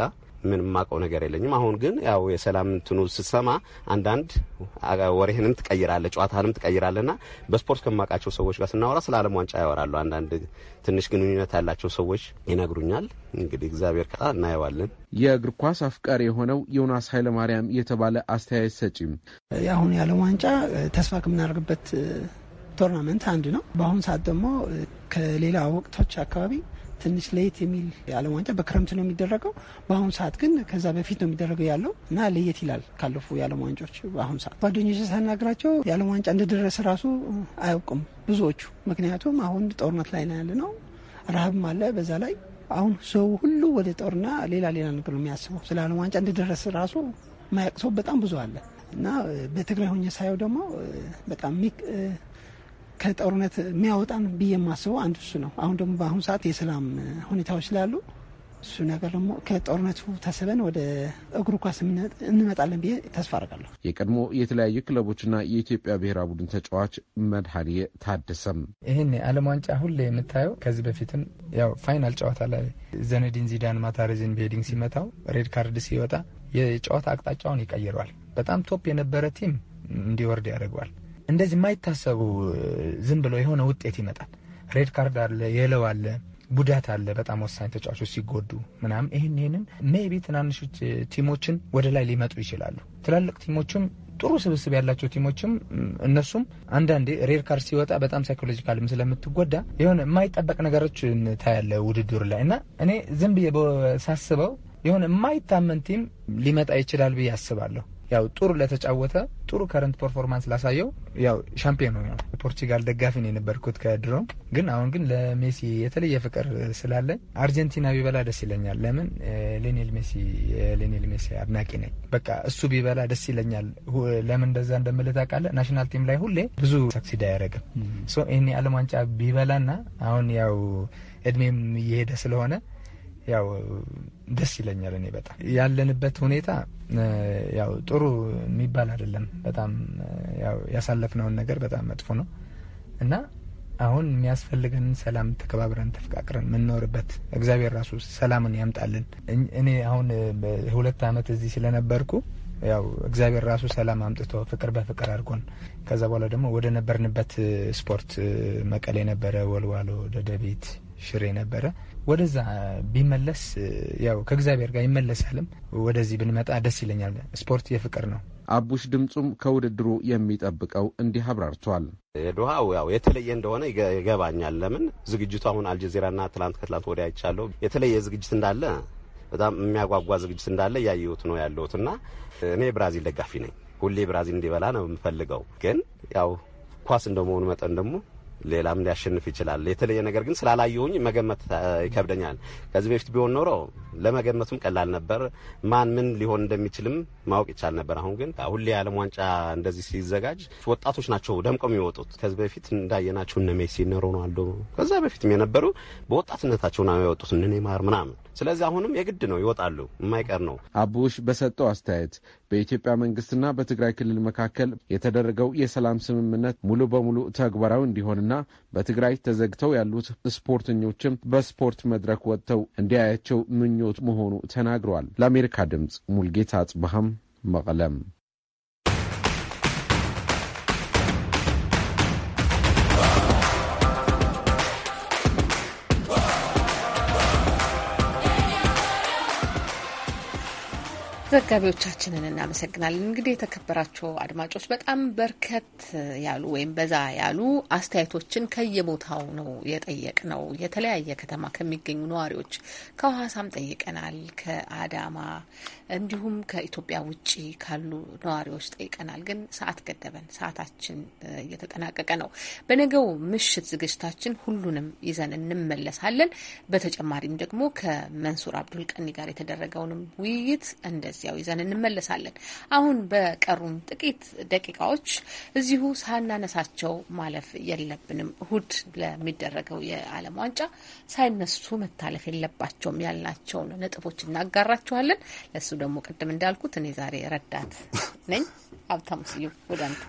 ምን ማቀው ነገር የለኝም። አሁን ግን ያው የሰላም እንትኑ ስትሰማ አንዳንድ ወሬህንም ጨዋታንም ትቀይራለ ና በስፖርት ከማውቃቸው ሰዎች ጋር ስናወራ ስለ ዓለም ዋንጫ ያወራሉ። አንዳንድ ትንሽ ግንኙነት ያላቸው ሰዎች ይነግሩኛል። እንግዲህ እግዚአብሔር ከጣ እናየዋለን። የእግር ኳስ አፍቃሪ የሆነው ዮናስ ኃይለማርያም የተባለ አስተያየት ሰጪም አሁን የዓለም ዋንጫ ተስፋ ከምናደርግበት ቶርናመንት አንድ ነው። በአሁኑ ሰዓት ደግሞ ከሌላ ወቅቶች አካባቢ ትንሽ ለየት የሚል የዓለም ዋንጫ በክረምት ነው የሚደረገው። በአሁኑ ሰዓት ግን ከዛ በፊት ነው የሚደረገው ያለው እና ለየት ይላል ካለፉ የዓለም ዋንጫዎች። በአሁኑ ሰዓት ጓደኞች ሳናግራቸው የዓለም ዋንጫ እንደደረሰ ራሱ አያውቁም ብዙዎቹ። ምክንያቱም አሁን ጦርነት ላይ ነው ያለ ነው፣ ረሃብም አለ በዛ ላይ አሁን ሰው ሁሉ ወደ ጦርና ሌላ ሌላ ነገር ነው የሚያስበው። ስለ ዓለም ዋንጫ እንደደረሰ ራሱ ማያውቅ ሰው በጣም ብዙ አለ እና በትግራይ ሆኜ ሳየው ደግሞ በጣም ከጦርነት የሚያወጣን ብዬ የማስበው አንዱ እሱ ነው። አሁን ደግሞ በአሁኑ ሰዓት የሰላም ሁኔታዎች ስላሉ እሱ ነገር ደግሞ ከጦርነቱ ተስበን ወደ እግር ኳስ እንመጣለን ብዬ ተስፋ አርጋለሁ። የቀድሞ የተለያዩ ክለቦችና የኢትዮጵያ ብሔራዊ ቡድን ተጫዋች መድኃኔ ታደሰም ይህን የዓለም ዋንጫ ሁሌ የምታየው ከዚህ በፊትም ያው ፋይናል ጨዋታ ላይ ዘነዲን ዚዳን ማታሬዝን በሄዲንግ ሲመታው ሬድ ካርድ ሲወጣ የጨዋታ አቅጣጫውን ይቀይረዋል። በጣም ቶፕ የነበረ ቲም እንዲወርድ ያደርገዋል። እንደዚህ የማይታሰቡ ዝም ብሎ የሆነ ውጤት ይመጣል። ሬድ ካርድ አለ፣ የለው አለ፣ ጉዳት አለ፣ በጣም ወሳኝ ተጫዋቾች ሲጎዱ ምናምን። ይህን ይህንን ሜቢ ትናንሽ ቲሞችን ወደ ላይ ሊመጡ ይችላሉ። ትላልቅ ቲሞችም ጥሩ ስብስብ ያላቸው ቲሞችም እነሱም አንዳንዴ ሬድ ካርድ ሲወጣ በጣም ሳይኮሎጂካልም ስለምትጎዳ የሆነ የማይጠበቅ ነገሮች ታያለ ውድድር ላይ እና እኔ ዝም ብዬ ሳስበው የሆነ የማይታመን ቲም ሊመጣ ይችላል ብዬ አስባለሁ። ያው ጥሩ ለተጫወተ ጥሩ ከረንት ፐርፎርማንስ ላሳየው ያው ሻምፒዮን ነው። የፖርቹጋል ደጋፊ ነው የነበርኩት ከድሮ ግን አሁን ግን ለሜሲ የተለየ ፍቅር ስላለኝ አርጀንቲና ቢበላ ደስ ይለኛል። ለምን ሌኔል ሜሲ የሌኔል ሜሲ አድናቂ ነኝ። በቃ እሱ ቢበላ ደስ ይለኛል። ለምን እንደዛ እንደምልህ ታውቃለህ? ናሽናል ቲም ላይ ሁሌ ብዙ ሰክሲድ አያደርግም። ይህኔ ዓለም ዋንጫ ቢበላና አሁን ያው እድሜም እየሄደ ስለሆነ ያው ደስ ይለኛል። እኔ በጣም ያለንበት ሁኔታ ያው ጥሩ የሚባል አይደለም። በጣም ያው ያሳለፍነውን ነገር በጣም መጥፎ ነው እና አሁን የሚያስፈልገንን ሰላም ተከባብረን ተፈቃቅረን የምንኖርበት እግዚአብሔር ራሱ ሰላምን ያምጣልን። እኔ አሁን ሁለት ዓመት እዚህ ስለነበርኩ ያው እግዚአብሔር ራሱ ሰላም አምጥቶ ፍቅር በፍቅር አድርጎን ከዛ በኋላ ደግሞ ወደ ነበርንበት ስፖርት መቀሌ ነበረ፣ ወልዋሎ፣ ደደቤት፣ ሽሬ ነበረ ወደዛ ቢመለስ ያው ከእግዚአብሔር ጋር ይመለሳልም። ወደዚህ ብንመጣ ደስ ይለኛል። ስፖርት የፍቅር ነው። አቡሽ ድምፁም ከውድድሩ የሚጠብቀው እንዲህ አብራርቷል። የዶሃው ያው የተለየ እንደሆነ ይገባኛል። ለምን ዝግጅቱ አሁን አልጀዚራና ትላንት ከትላንት ወዲያ አይቻለሁ። የተለየ ዝግጅት እንዳለ በጣም የሚያጓጓ ዝግጅት እንዳለ እያየሁት ነው ያለሁት እና እኔ ብራዚል ደጋፊ ነኝ። ሁሌ ብራዚል እንዲበላ ነው የምፈልገው። ግን ያው ኳስ እንደመሆኑ መጠን ደግሞ ሌላም ሊያሸንፍ ይችላል። የተለየ ነገር ግን ስላላየሁኝ መገመት ይከብደኛል። ከዚህ በፊት ቢሆን ኖሮ ለመገመቱም ቀላል ነበር። ማን ምን ሊሆን እንደሚችልም ማወቅ ይቻል ነበር። አሁን ግን ሁሌ የዓለም ዋንጫ እንደዚህ ሲዘጋጅ ወጣቶች ናቸው ደምቀው የሚወጡት። ከዚህ በፊት እንዳየናቸው እነ ሜሲ እነ ሮናልዶ ከዛ በፊትም የነበሩ በወጣትነታቸው ነው የወጡት እነ ኔማር ምናምን። ስለዚህ አሁንም የግድ ነው ይወጣሉ፣ የማይቀር ነው። አቡሽ በሰጠው አስተያየት በኢትዮጵያ መንግስትና በትግራይ ክልል መካከል የተደረገው የሰላም ስምምነት ሙሉ በሙሉ ተግባራዊ እንዲሆንና በትግራይ ተዘግተው ያሉት ስፖርተኞችም በስፖርት መድረክ ወጥተው እንዲያያቸው ምኞት መሆኑ ተናግረዋል። ለአሜሪካ ድምፅ ሙልጌታ አጽብሃም መቀለም ዘጋቢዎቻችንን እናመሰግናለን። እንግዲህ የተከበራቸው አድማጮች በጣም በርከት ያሉ ወይም በዛ ያሉ አስተያየቶችን ከየቦታው ነው የጠየቅ ነው። የተለያየ ከተማ ከሚገኙ ነዋሪዎች ከሐዋሳም ጠይቀናል፣ ከአዳማ እንዲሁም ከኢትዮጵያ ውጭ ካሉ ነዋሪዎች ጠይቀናል። ግን ሰዓት ገደበን፣ ሰዓታችን እየተጠናቀቀ ነው። በነገው ምሽት ዝግጅታችን ሁሉንም ይዘን እንመለሳለን። በተጨማሪም ደግሞ ከመንሱር አብዱል ቀኒ ጋር የተደረገውንም ውይይት እንደዚያው ይዘን እንመለሳለን። አሁን በቀሩን ጥቂት ደቂቃዎች እዚሁ ሳናነሳቸው ማለፍ የለብንም። እሁድ ለሚደረገው የዓለም ዋንጫ ሳይነሱ መታለፍ የለባቸውም ያልናቸውን ነጥቦች እናጋራችኋለን ለሱ ደግሞ ቅድም እንዳልኩት እኔ ዛሬ ረዳት ነኝ። ሀብታሙ ስዩም ወደ አንተ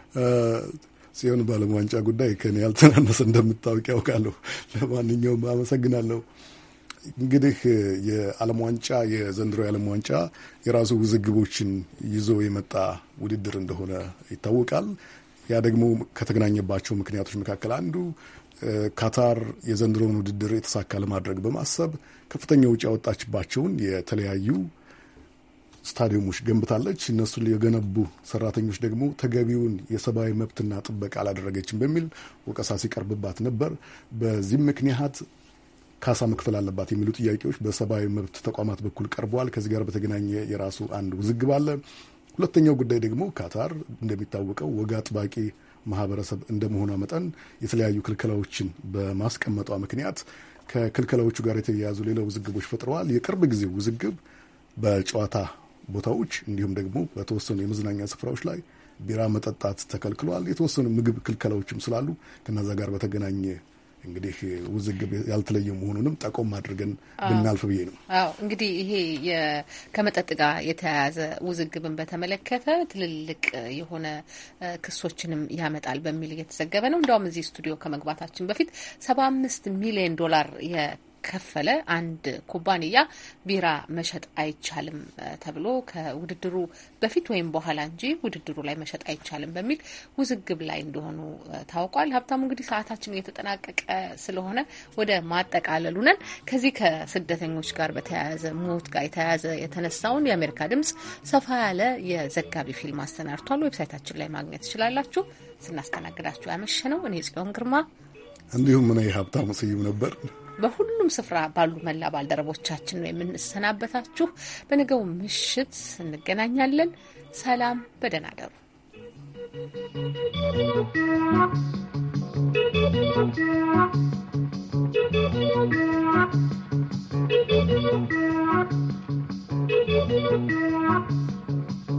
ሲሆን በዓለም ዋንጫ ጉዳይ ከኔ ያልተናነሰ እንደምታወቅ ያውቃለሁ። ለማንኛውም አመሰግናለሁ። እንግዲህ የዓለም ዋንጫ የዘንድሮ የዓለም ዋንጫ የራሱ ውዝግቦችን ይዞ የመጣ ውድድር እንደሆነ ይታወቃል። ያ ደግሞ ከተገናኘባቸው ምክንያቶች መካከል አንዱ ካታር የዘንድሮውን ውድድር የተሳካ ለማድረግ በማሰብ ከፍተኛ ውጪ ያወጣችባቸውን የተለያዩ ስታዲየሞች ገንብታለች። እነሱን የገነቡ ሰራተኞች ደግሞ ተገቢውን የሰብአዊ መብትና ጥበቃ አላደረገችም በሚል ወቀሳ ሲቀርብባት ነበር። በዚህም ምክንያት ካሳ መክፈል አለባት የሚሉ ጥያቄዎች በሰብአዊ መብት ተቋማት በኩል ቀርበዋል። ከዚህ ጋር በተገናኘ የራሱ አንድ ውዝግብ አለ። ሁለተኛው ጉዳይ ደግሞ ካታር እንደሚታወቀው ወግ አጥባቂ ማህበረሰብ እንደመሆኗ መጠን የተለያዩ ክልከላዎችን በማስቀመጧ ምክንያት ከክልከላዎቹ ጋር የተያያዙ ሌላ ውዝግቦች ፈጥረዋል። የቅርብ ጊዜ ውዝግብ በጨዋታ ቦታዎች እንዲሁም ደግሞ በተወሰኑ የመዝናኛ ስፍራዎች ላይ ቢራ መጠጣት ተከልክሏል። የተወሰኑ ምግብ ክልከላዎችም ስላሉ ከነዛ ጋር በተገናኘ እንግዲህ ውዝግብ ያልተለየ መሆኑንም ጠቆም አድርገን ብናልፍ ብዬ ነው። አዎ እንግዲህ ይሄ ከመጠጥ ጋር የተያያዘ ውዝግብን በተመለከተ ትልልቅ የሆነ ክሶችንም ያመጣል በሚል እየተዘገበ ነው። እንዲያውም እዚህ ስቱዲዮ ከመግባታችን በፊት ሰባ አምስት ሚሊዮን ዶላር ከፈለ አንድ ኩባንያ ቢራ መሸጥ አይቻልም ተብሎ ከውድድሩ በፊት ወይም በኋላ እንጂ ውድድሩ ላይ መሸጥ አይቻልም በሚል ውዝግብ ላይ እንደሆኑ ታውቋል። ሀብታሙ እንግዲህ ሰዓታችን እየተጠናቀቀ ስለሆነ ወደ ማጠቃለሉ ነን። ከዚህ ከስደተኞች ጋር በተያያዘ ሞት ጋር የተያያዘ የተነሳውን የአሜሪካ ድምጽ ሰፋ ያለ የዘጋቢ ፊልም አሰናድቷል። ዌብሳይታችን ላይ ማግኘት ትችላላችሁ። ስናስተናግዳችሁ ያመሸ ነው እኔ ጽዮን ግርማ እንዲሁም እኔ ሀብታሙ ስዩም ነበር። በሁሉም ስፍራ ባሉ መላ ባልደረቦቻችን ነው የምንሰናበታችሁ። በነገው ምሽት እንገናኛለን። ሰላም፣ በደህና አደሩ።